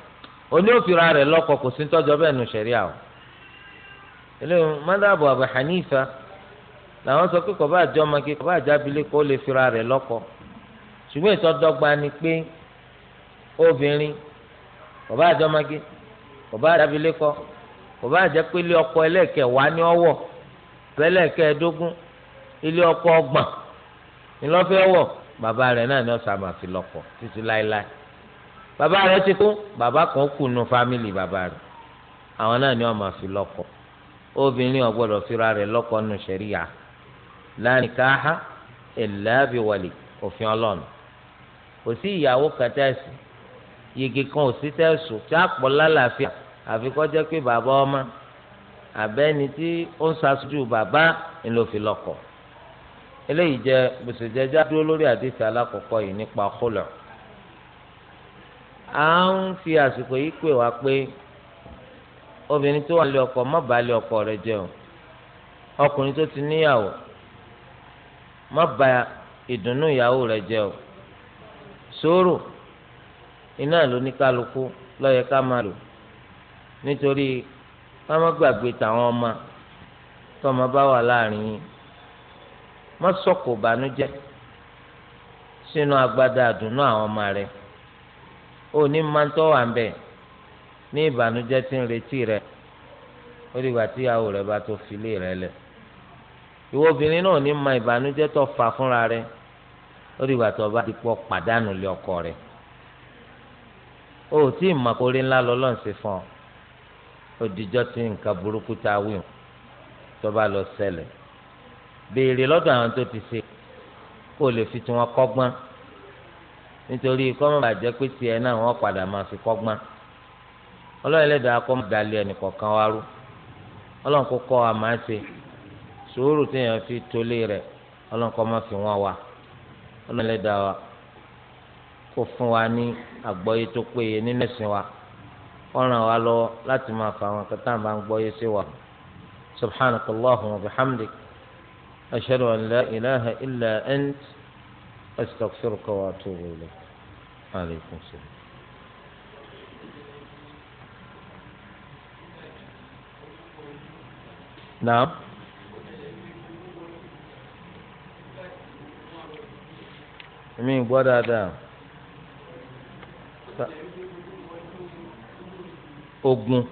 Speaker 1: oní òfìrà rẹ̀ lọ́kọ kò sí tọ́jọ́ bẹ́ẹ̀ nù sẹ̀ríà o eléyìí mọ́dàbù Abu Hanifa làwọn sọ pé kò bá àjọ ọmọ kí kò bá àjọ abilékọ ó lè fira rẹ̀ lọ́kọ ṣùgbọ́n ìtọ́dọ́gba ni pé obìnrin kò bá àjọ ọmọ kí kò bá àjọ abilékọ pé ilé ọkọ ẹlẹ́kẹ̀wá ní ọwọ́ ẹlẹ́kẹ̀ẹ́dógún ilé ọkọ ọgbọ̀n ni lọ́fẹ́ wọ̀ bàbá rẹ̀ náà ni ọ̀sán àmàfi lọ́kọ títí láéláé bàbá rẹ̀ ti kú bàbá kan kù nù fámìlì bàbá rẹ̀ àwọn náà ni wọ́n máa fi lọ́kọ obìnrin ò fira rẹ̀ lọ́kọ nù ṣẹ̀ríyà la nikaha illa bi wali òfin Ọlọ́run kò sí ìyàwó kẹtẹ ẹsùn yege kan ò sí tẹsùn tí a pọ̀ lálàáfíà àfi kó jẹ́ pé bàbá ọmọ àbẹ́ni tí ó ń ṣaṣojú bàbá ńlọ fi eléyìí jẹ́ gbèsè jẹjẹ dúró lórí àdìsí alákọ̀ọ́kọ́ yìí nípa kólọ̀. à ń fi àsìkò yìí pè wá pé obìnrin tó wà lé ọkọ má bàa lé ọkọ rẹ jẹ́ o ọkùnrin tó ti níyàwó má bà ìdùnnú ìyàwó rẹ̀ jẹ́ o sòrò iná ló ní kálukú lọ́yẹ ká máa lò nítorí ká má gbàgbé tàwọn ọmọ tọmọ bá wà láàrin yín má sọkò bànújẹ́ sínú agbada àdùnnú àwọn ọmọ rẹ̀. ó ní máa ń tọ́ wà ń bẹ̀ ní ìbànújẹ́ tí ń retí rẹ ó dìgbà tí ìyàwó rẹ bá tó filé rẹ lẹ̀ ìwọ obìnrin náà ní máa ìbànújẹ́ tó fà fúnra rẹ ó dìgbà tó bá dìpọ̀ pàdánù lé ọkọ rẹ ó tí ì mọ̀ ńlá lọ́lọ́ ń ṣe fún ọ òdìjọ́ tí nǹkan burúkú ta wí tó bá lọ ṣẹlẹ̀ béèrè lọ́dọ̀ àwọn tó ti ṣe kó lè fi tiwọn kọ́gbọ́n. nítorí kọ́mọ̀ bàjẹ́ pé tiẹ̀ náà wọ́n padà máa fi kọ́gbọ́n ọlọ́run lè dáa kọ́ máa dalẹ̀ ẹnìkọ̀ọ̀kan wá rú ọlọ́run kó kọ́ wa ṣe sùúrù fi tolé rẹ̀ ọlọ́run kọ́ máa fi wọ́n wa ọlọ́run lè dáa kó fún wa ní àgbọ́yé tó péye nínú ẹ̀sìn wa ọ̀ràn wa lọ láti máa wa astaghfiruka wa atubu ilayk alaikum salaam. naam mi gbọ́ dáadáa ogun.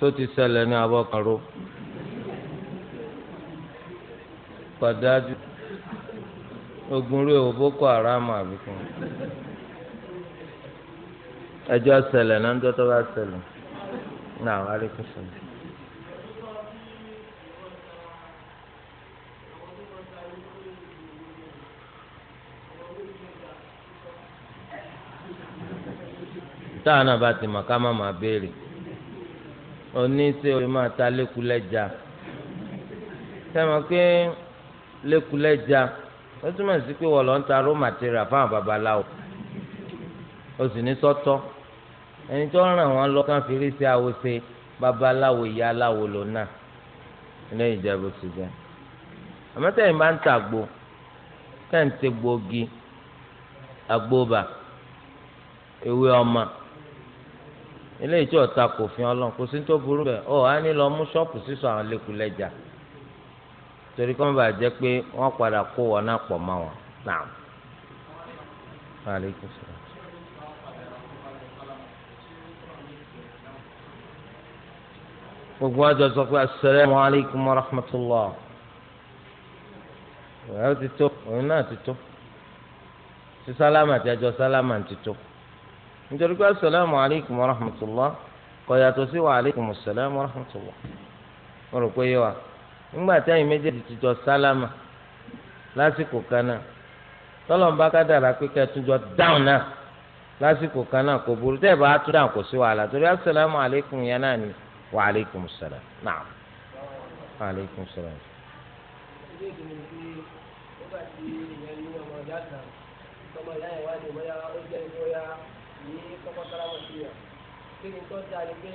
Speaker 1: tó ti ṣẹlẹ̀ ní abọ́kànró pàdájú ogun rí boko haram àbíkún ẹjọ́ ṣẹlẹ̀ náà ń dọ́tọ́ bá ṣẹlẹ̀ náà wà lè kó ṣẹlẹ̀. oníṣẹ́ orí máa ta lékulẹ́jà sẹ́mi pé lékulẹ́jà ó túmọ̀ sí pé wọ́n lọ ń ta raw material fáwọn babaláwo ó sì ní sọ́tọ́ ẹni tó ràn wọ́n lọ kàn fi rí sí àwòṣe babaláwo ìyá aláwo lò náà ilé ìjẹ́bù sì jẹ́ àmọ́tẹ́yìn bá ń ta àgbo kẹ́ǹtẹ́ gbòógì àgbóbà ewé ọmọ eléyìí tí ọ̀tá kò fi ọlọ́run kò sí tó burú bẹ́ẹ̀ ọ á ní lọ mú ṣọ́ọ̀pù sísọ àwọn lẹ́kùlẹ́jà torí kọ́ bàa jẹ́ pé wọ́n padà kó wọn náà pọ̀ mọ́ wọn náà. gbogbo àjọ sọ pé asalaamu alaykum wa rahmatulah òun náà ti tó sísálámà tí àjọ sálámà ti tó. nítorí pé asalaamu alaykum wa rahmatulah kò yàtọ̀ sí wa alaykum salaam wa rahmatulah mo rò pé wa nígbà táyì méjèèjì ti jọ sálámà lásìkò kan náà tọ́lọ́mbà kádàrà pé kẹ́tùjọ dáhùn náà lásìkò kan náà kò burú tẹ́ẹ̀ bá tún dáhùn kò sí wàhálà torí asalaamu alaykum yẹn náà ni wa alaykum salaam naam
Speaker 2: kọ́kọ́ sálámà sí yàn kí ni tó dáa ni pé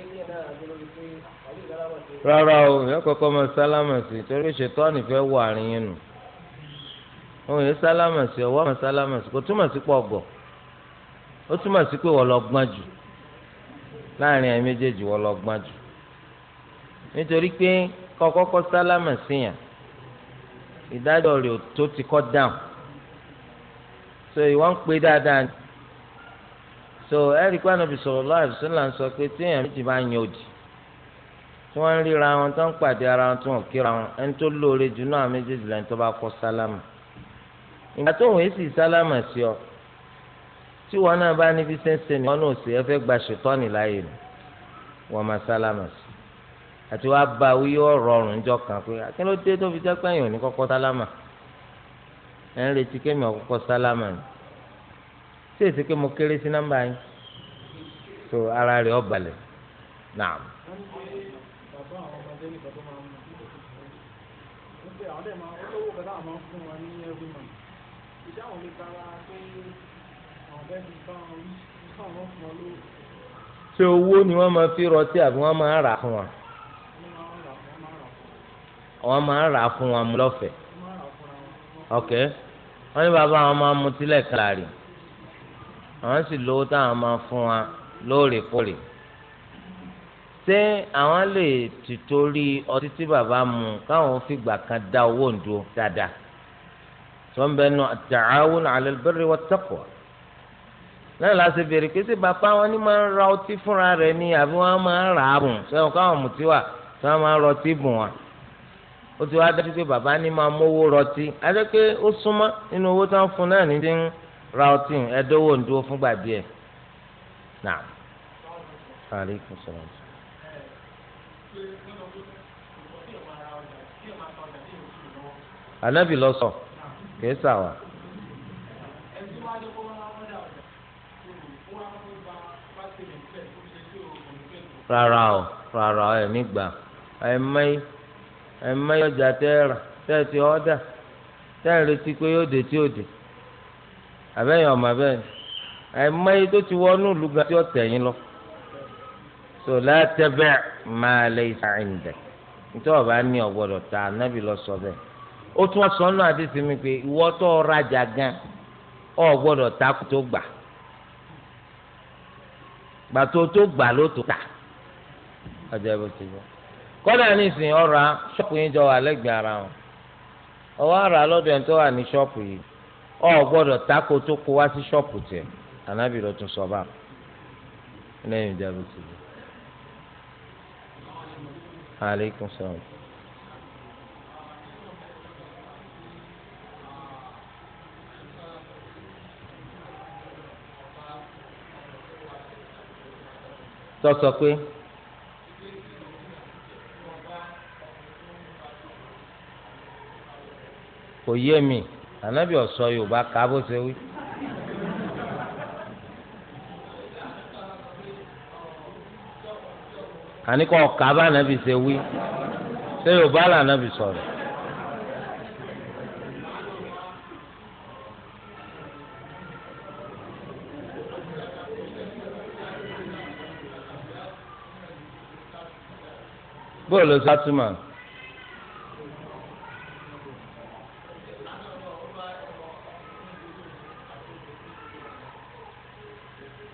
Speaker 2: rárá o èèyàn kọ́kọ́ máa
Speaker 1: sálámà sí torí ṣètọ́ni fẹ́ wọ àárín yẹn nù òun yẹn sálámà sí ọwọ́ máa sálámà sí kò túmọ̀ sí pọ̀ gbọ̀ ó túmọ̀ sí pé wọ́n lọ gbọ́n jù láàrin ẹ̀ méjèèjì wọ́n lọ gbọ́n jù nítorí pé kọ́kọ́kọ́ sálámà sí yàn ìdájọ́ rẹ̀ tó ti kọ́ dáhùn so ìwọ́n ń pe dáadáa so ẹ̀rí pé ànábì sallallahu alaihi wasallam sọ pé téèyàn méjì bá yan òdì tí wọ́n ń ríra wọn tó ń pàdé ara wọn tó ń kíra wọn ẹni tó lóore jù náà méjèèjì lẹ́ni tó bá kọ́ sálámà ìgbà tó wọ́n èsì sálámà sí ọ tí wọn náà bá níbi sẹ́ńsẹ́ ni wọn náà sì ẹ fẹ́ gba ṣètọ́nì láàyè ni wọn máa sálámà sí àti wàá bá wí yóò rọrùn níjọ́ kan pé akínlódé tó fi jẹ́ pé èèyàn ní kọ́kọ́ sálámà ẹ̀ ń retí kémi ọ̀kọ́kọ́ sálámà ni ṣé èsì pé mo kéré sí nọ́mbà yín so ara rẹ̀ ọ balẹ̀ náà. ṣé owó ni wọ́n máa fi rọtí àbí wọ́n máa rà fún wa wọ́n máa rà fún wa lọ́fẹ̀ẹ́ ok wọ́n ní bàbá wọn máa mutí lẹ́ẹ̀kan láàrin àwọn sì lówó táwọn máa fún wa lóòrèkóòrè ṣé àwọn lè tìtorí ọtí tí bàbá mu káwọn fìgbà kan dá owó ń dúró dáadáa sọ́nbẹ́nu at-ta'awun 'ala al-birri wat-taqwa náà láti béèrè pé ṣé bàbá wọn ni máa ń ra ọtí fúnra rẹ̀ ni àbí wọn máa ń rà á bùn sẹ́wọ̀n káwọn mutí wà tí wọn máa ń rọtí bùn wa ó ti wá dájú pé bàbá ni máa mówó rọtí adé pé ó súnmọ́ nínú owó tí wọ́n fún náà ní ti ń routing ẹ̀dọ́wọ́ ń dúró fúngbà díẹ̀ náà. aleykum salaam. anabi lọ sọ kìí rárá o rárá o ẹ̀mí gbà ẹ̀mí ẹ̀mí ọjà tẹ́ ẹ tẹ́ ẹ ti ọ́dà tẹ́ ẹ retí pé yóò dé tí yóò dé. àbẹ́yìn ọmọ bẹ́ẹ̀ àìmọ́ yìí tó ti wọnú ìlú tí ó lọ. so látẹ̀bẹ̀ máa lè ṣàǹdẹ̀ nítorí ọba n'i ọ̀gbọ́dọ̀ ta anábì lọ sọ bẹ́ẹ̀. ó tún wá sọ́nù àdìsí mi pé ìwọ tó rajà gan ọ̀gbọ́dọ̀ ta kó tó gbà. gbàtó tó gbà ló tó ta. kọ́dà nísìnyí ṣọ́ọ̀pù yín ọ gbọ́dọ̀ tako tó kó wá sí ṣọ́ọ̀pù tiẹ̀ ànábì ló tún sọ bá lẹ́yìn ìjẹun ti di. aleykum salaam. tọ́sọ pé kò yé mi ànábì ọ̀sọ yorùbá ká bó ṣe wí. àníkọ́ ọ̀ká bá ànábì ṣe wí ṣé yorùbá là ànábì sọ̀rọ̀. bóòlù sátúmọ̀.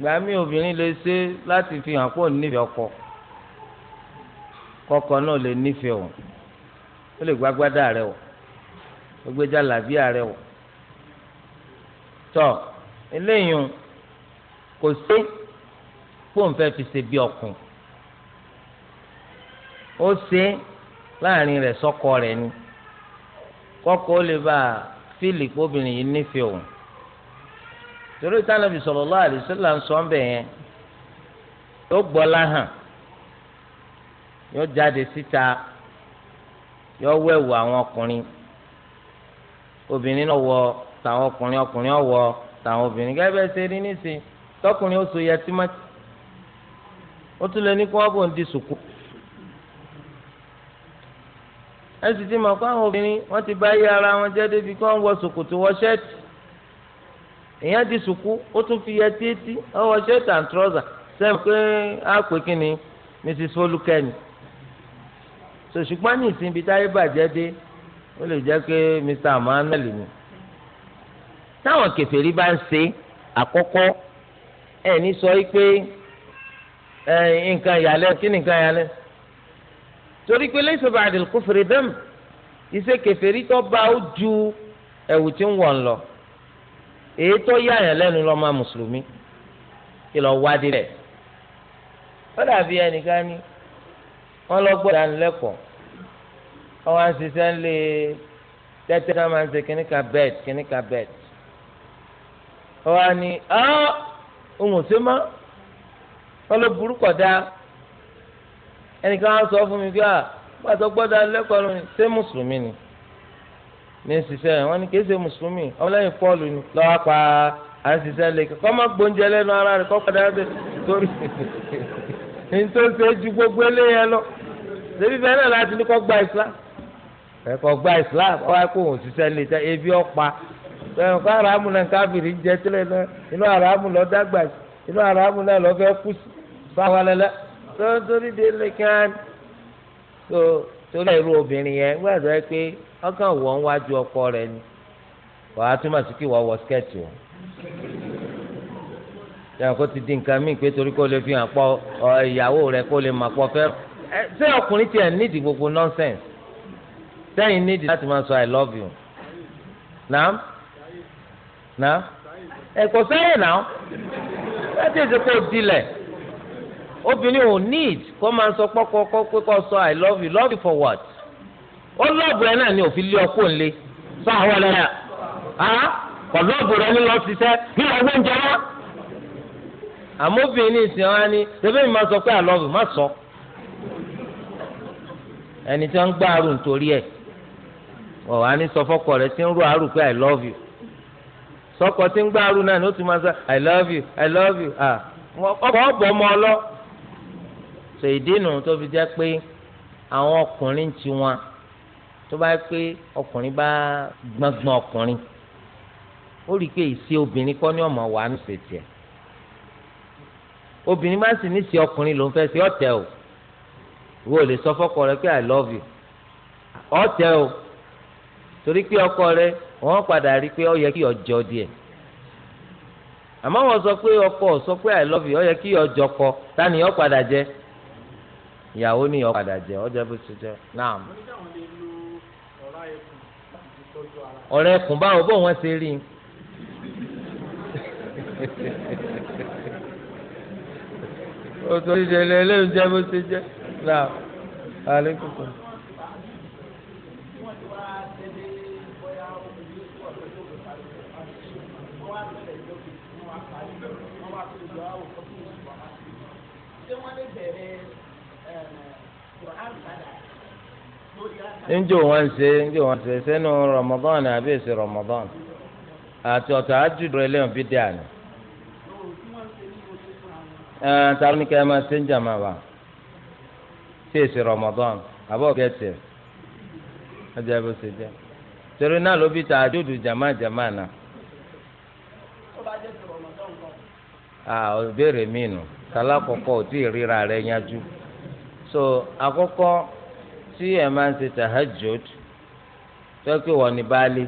Speaker 1: gbà mí obìnrin lè ṣe láti fi hàn pọ̀ nífẹ̀ẹ́ ọkọ kọkọ náà lè nífẹ̀ẹ́ o ó lè gbàgbádà rẹ o ó gbé jàlábíà rẹ o tọ eléyìí kò sí pòǹfẹ́ fi ṣe bí ọkùn ó ṣe láàrin rẹ̀ sọ́kọ rẹ̀ ni kọ́kọ́ ó lè bá fílì pé obìnrin yìí nífẹ̀ẹ́ òun torí tánàbì sallallahu alaihi wasallam ń sọ ń bẹ̀ yẹn ó gbọ́ láhàn yóò jáde síta yóò wẹ̀wù àwọn ọkùnrin obìnrin náà wọ tàwọn ọkùnrin ọkùnrin ọwọ tàwọn obìnrin gẹ́gẹ́ bẹ́ẹ̀ ṣe rí nísìn tọkùnrin ó so yẹ tímọ́tì ó tún lè ní kó wọ́n bò ń di sùkú ẹ sì ti mọ̀ pé àwọn obìnrin wọ́n ti bá yí ara wọn jẹ́ débi kí wọ́n wọ sòkòtò wọ èèyàn di sùkú ó tún fi ẹtí ẹtí ọwọ́ ṣẹ́ẹ̀tì and trouser sẹ́yìn pé á pè kí ni mrs olùkẹ́ni ṣùgbọ́n ní ìsinmi táyé bàjẹ́ dé ó lè jẹ́ pé mr emmanuel ni táwọn kèfèrí bá ń ṣe àkọ́kọ́ ẹ̀ sọ pé nǹkan ìyàlẹ́ kí ni nǹkan ìyàlẹ́ torí pé lẹ́sọ̀ bá àdìl kófèrè dẹ́m ìṣe tó bá ó ju ẹ̀wù tí ń wọ̀ ń lọ èyí tó yáyàn lẹ́nu lọ́mọ mùsùlùmí kí lọ wádìí rẹ̀ ó dàbí ẹnìkan ni wọ́n lọ gbọ́ ìdánilẹ́kọ̀ọ́ wọ́n wá ń ṣiṣẹ́ ń lé tẹ́tẹ́ náà máa ń ṣe kíníkà bẹ́ẹ̀t kíníkà bẹ́ẹ̀t wọ́n wá ní ohun ọ̀sẹ̀ mọ́ wọ́n lọ burúkọ dá ẹnìkan wá sọ fún mi bí wà gbọ́dọ̀ alẹ́kọ̀ọ́ ṣé mùsùlùmí ni ní ṣiṣẹ́ yẹn wọ́n ní kí ẹ ṣe mùsùlùmí ọmọlẹ́yìn pọ́ọ̀lù ni lọ́wọ́ pa à ń ṣiṣẹ́ lè kọ́ má gbóúnjẹ lẹ́nu ara rẹ̀ kọ́ padà bẹ̀ torí nítorí ṣe ju gbogbo eléyẹn lọ ṣébí bẹ́ẹ̀ náà láti ní kọ́ gba islam ẹ̀kọ́ gba islam ọ̀ wáyé kó òun ṣiṣẹ́ lè tẹ ebi ọ̀pa bẹ́ẹ̀ kọ́ aramu náà káfíìrì ń jẹ tẹ́lẹ̀ náà inú aramu lọ dàgbà inú aramu náà lọ fẹ́ kú sí báwa lẹ́lẹ́ tó ń torí délé kí á ní. tó tó lẹ́rú obìnrin yẹn gbọ́dọ̀ pé ọkàn wọ̀ ń wájú ọkọ rẹ ni wàá túmọ̀ sí kí wàá wọ skẹ́ẹ̀tì o yàrá kó ti di nǹkan míì pé torí kó lè fi hàn pọ̀ ìyàwó rẹ kó lè mà pọ̀ fẹ́ ṣé ọkùnrin tiẹ̀ nídìí gbogbo nọ́nsẹ̀nsì sẹ́yìn nídìí láti máa sọ i love you naam naam ẹ kò sẹ́yìn náà ẹ ti ṣe kó dilẹ̀ obìnrin ò need kó máa sọ pọ́kọ́ pé kó sọ i love you love you for what ó lọ́ọ̀bù rẹ náà ni òfin lé ọkọ ńlẹ sọ àwọn ọlọ́yà
Speaker 2: kọ lọ́ọ̀bù rẹ ní lọ ṣiṣẹ́ ní ọgbẹ́ ń jẹ wá.
Speaker 1: àmóbìnrin ní ìsìn wa ni rẹ́bẹ́ mi máa sọ pé àlọ́ọ̀bù má sọ ẹni tí wọ́n ń gbá àrùn torí ẹ̀ ọ̀ wá ní sọ fọ́kọ rẹ tí ń rú àrùn pé i love you sọkọ tí ń gbá àrùn náà ni ó ti máa sọ i love you i love you ọkọ ọbọ ọmọ ọlọ ṣèdínù tó fi jẹ́ pé àwọn ọkùnrin tiwọn. tó bá pé ọkùnrin bá gbọ́ngbọ́n ọkùnrin ó rí i pé obìnrin kọ́ ní ọmọ wa ń ṣe tiẹ̀ obìnrin bá sì ní ìṣe ọkùnrin ló ń fẹ́ ọ̀tẹ̀ o wo lè sọ fọ́kọ rẹ pé i love you ọ̀tẹ̀ o torí pé ọkọ rẹ wọ́n padà rí i pé ó yẹ kí ọjọ́ díẹ̀ àmọ́ wọ́n sọ pé ọkọ sọ pé i love you ó yẹ kí ọjọ́ kọ tani padà jẹ ìyàwó ni padà jẹ ọjọ́ bó
Speaker 2: ọ̀rẹ́ ẹkùn báwo bó wọn ṣe rí i o tó ṣe lè lè jẹ bó
Speaker 1: ṣe jẹ náà alẹ́ kòkòrò.
Speaker 2: njẹ́ wọ́n ṣe
Speaker 1: njẹ́ wọ́n ṣe sẹ́nu rọmọdọn àbí èsì rọmọdọn àti ọ̀tọ̀ àjùdọ̀ ẹlẹ́yìn bídẹ́ àná. tàbí ní kẹ́hìn máa ṣe ń jàmà wá sí èsì rọmọdán àbọ̀ gẹ̀ẹ́tì ọjà bó ṣe jẹ́ torí náà ló bí ta àjùdù jàmà jàmà náà. ìbéèrè mi so tí ẹ máa ń ṣe tahajjud tó pé wọ́n ní baálé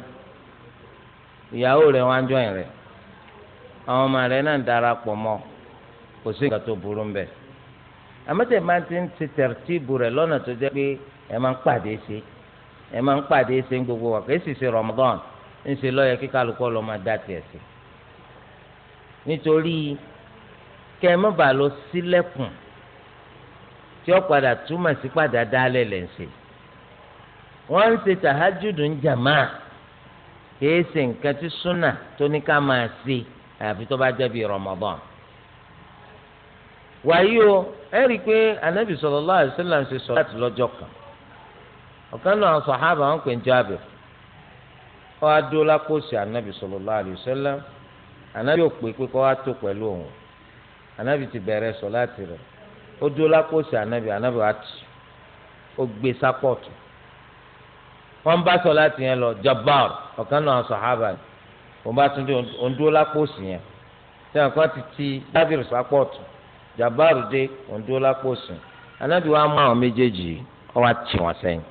Speaker 1: ìyàwó rẹ̀ wá ń jọ ìrìn àwọn ọmọ rẹ̀ náà darapọ̀ mọ́ kò sí nǹkan tó burú mbẹ̀ àmọ́tẹ̀ máa ti ń ti rẹ̀ lọ́nà tó jẹ́ pé ẹ máa ń pàdé ṣe gbogbo wà ṣe ń ṣe lọ́yẹ kí kálukọ́ máa dá tiẹ̀ sí tí ó padà túmọ̀ sí padà dálẹ̀ lẹ̀ ṣe wọ́n ń ṣe tàhájùdù ń jàmá kìí ṣe nǹkan tí súnà máa ṣe àfi tó bá jẹ́ bíi wàyí o ẹ rí pé anabi sallallahu alaihi wasallam ń ṣe sọ kan ọ̀kan náà pè ń ọ anabi anabi ò pè pé wá tó pẹ̀lú òun ó dúró lápòsí anabi anabi wa tù ó gbé e sápọ̀tù wọ́n bá sọ láti yẹn lọ jabar ọ̀kan náà sọ̀hábà ni wọ́n bá tún ó dúró lápòsí yẹn tí wọ́n kàn ti ti Jabir sápọ̀tù Jabbar dé ó dúró méjèèjì wá tì wọ́n sẹ́yìn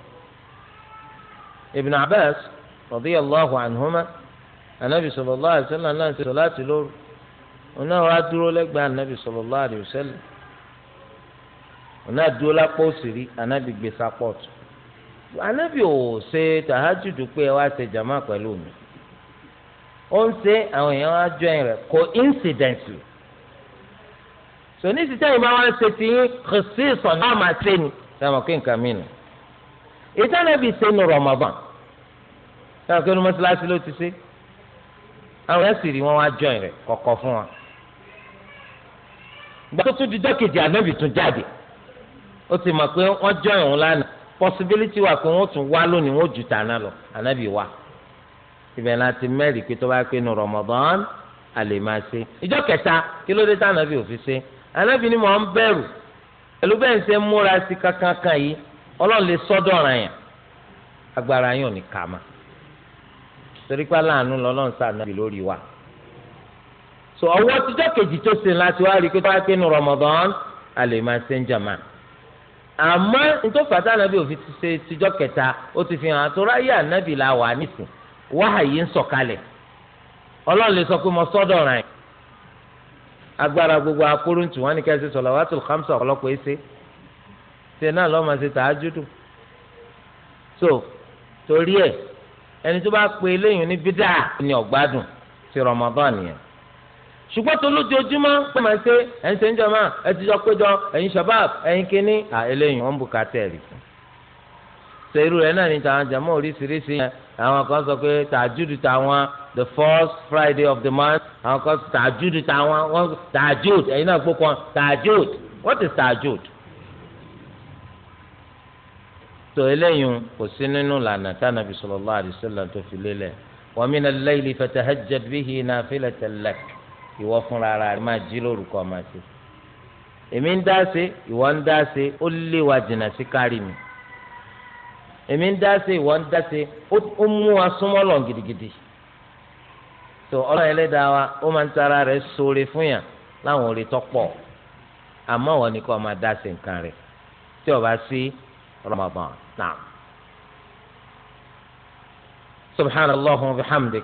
Speaker 1: Ibn Abbas radiyallahu anhuma ànábì sallallahu alaihi wasallam náà ti sọ láti lóru òun náà dúró lẹ́gbẹ̀ẹ́ ọ̀nà dúró lápò òsìrí ànábì gbé sápọ̀tù ànábì ò ṣe tàhájùdù pé ẹ wá ṣe jàmá pẹ̀lú mi ó ń ṣe àwọn èèyàn wá jọ ẹ̀yìn rẹ̀ coincidentally sòní ti sẹ́yìn bá wá ṣe ti yín kìsì sọ̀nà àmà ṣe ni sàmà kí nǹkan mi nù ìtànàbì ṣe nu Ramadan sàmà kí ni mọ́tíláṣí ló ti ṣe àwọn ẹ̀sìn rí wọn wá jọ ẹ̀yìn rẹ̀ kọ̀kọ̀ fún wa gbàtó tún di dọ́kèjì ànábì tún jáde ó ti mọ̀ pé wọ́n jọ ìhun lánàá possibility wà pé wọ́n tún wá lónìí wọ́n jù tàná lọ ànábì wa ibẹ̀ láti mẹ́rin pé tó bá pé nu Ramadan a lè máa ṣe ìjọ kẹta kí ló dé tá ànábì ò fi ṣe ànábì ni mò ń bẹ̀rù pẹ̀lú bẹ́ẹ̀ ń ṣe múra sí kankankan yìí ọlọ́run lè sọ́dọ̀ ọ̀ràn yẹn agbára yẹn ò ní kà má torí pé aláàánú lọ́lọ́run sànábì lórí wa so ọwọ́ tíjọ́ kejì tó ṣe láti wá rí pé tó bá pé nu Ramadan a lè máa ṣe ń jàmáà àmọ́ ntòfàtà ànábì òfin ti ṣe tìjọ́ kẹta ó ti fi hàn àtúrà yé ànábì la wà nísìn wáhàyè ń sọ̀kalẹ̀ ọlọ́run lè sọ pé mo sọ́dọ̀ rẹ̀ agbára gbogbo akóróntù wọn ni ká ṣe sọ̀làwátù khamsa ọ̀pọ̀lọpọ̀ ẹ̀ṣẹ̀ ṣe náà lọ́ọ́ máa ṣe tàájúdù so torí ẹ̀ ẹni tó bá pe eléyìí ní bídà ni ọ̀gbádùn ti Ramadan yẹn ṣùgbọ́n tó lójoojúmọ́ pé màá ṣe ẹ̀yin ṣe ń jọ máa ẹ ti jọ péjọ ẹ̀yin shabab ẹ̀yin kínní à eléyìí wọ́n bu kátẹ́ẹ̀lì. ṣe irú rẹ̀ náà ní tàwọn jàmọ́ oríṣiríṣi yẹn àwọn kan sọ pé tàjúdù tàwọn the first friday of the month àwọn kan sọ tàjúdù tàwọn wọn tàjúd ẹ̀yin náà gbó kan tàjúd what is tàjúd. tó eléyìí kò sí nínú lànà tánàbí sallallahu alaihi wasallam tó fi lélẹ̀ wa min al-layli fatahajjad bihi nafilatan ìwọ fúnra ara rẹ máa jí lórúkọ ọmọ sí èmi ń dá ṣe ìwọ ń dá ṣe ó léwà jìnnà sí kárí mi èmi ń dá ṣe ìwọ ń dá ṣe ó mú wa súnmọ́ lọ gidigidi tó ọlọ́run ẹlẹ́dàá wa ó máa ń tara rẹ̀ sóore fún yàn láwọn oore tó àmọ́ wọn ni kò máa dá ṣe nǹkan rẹ̀ tí o sí Ramadan náà subhanallahu wa bihamdik.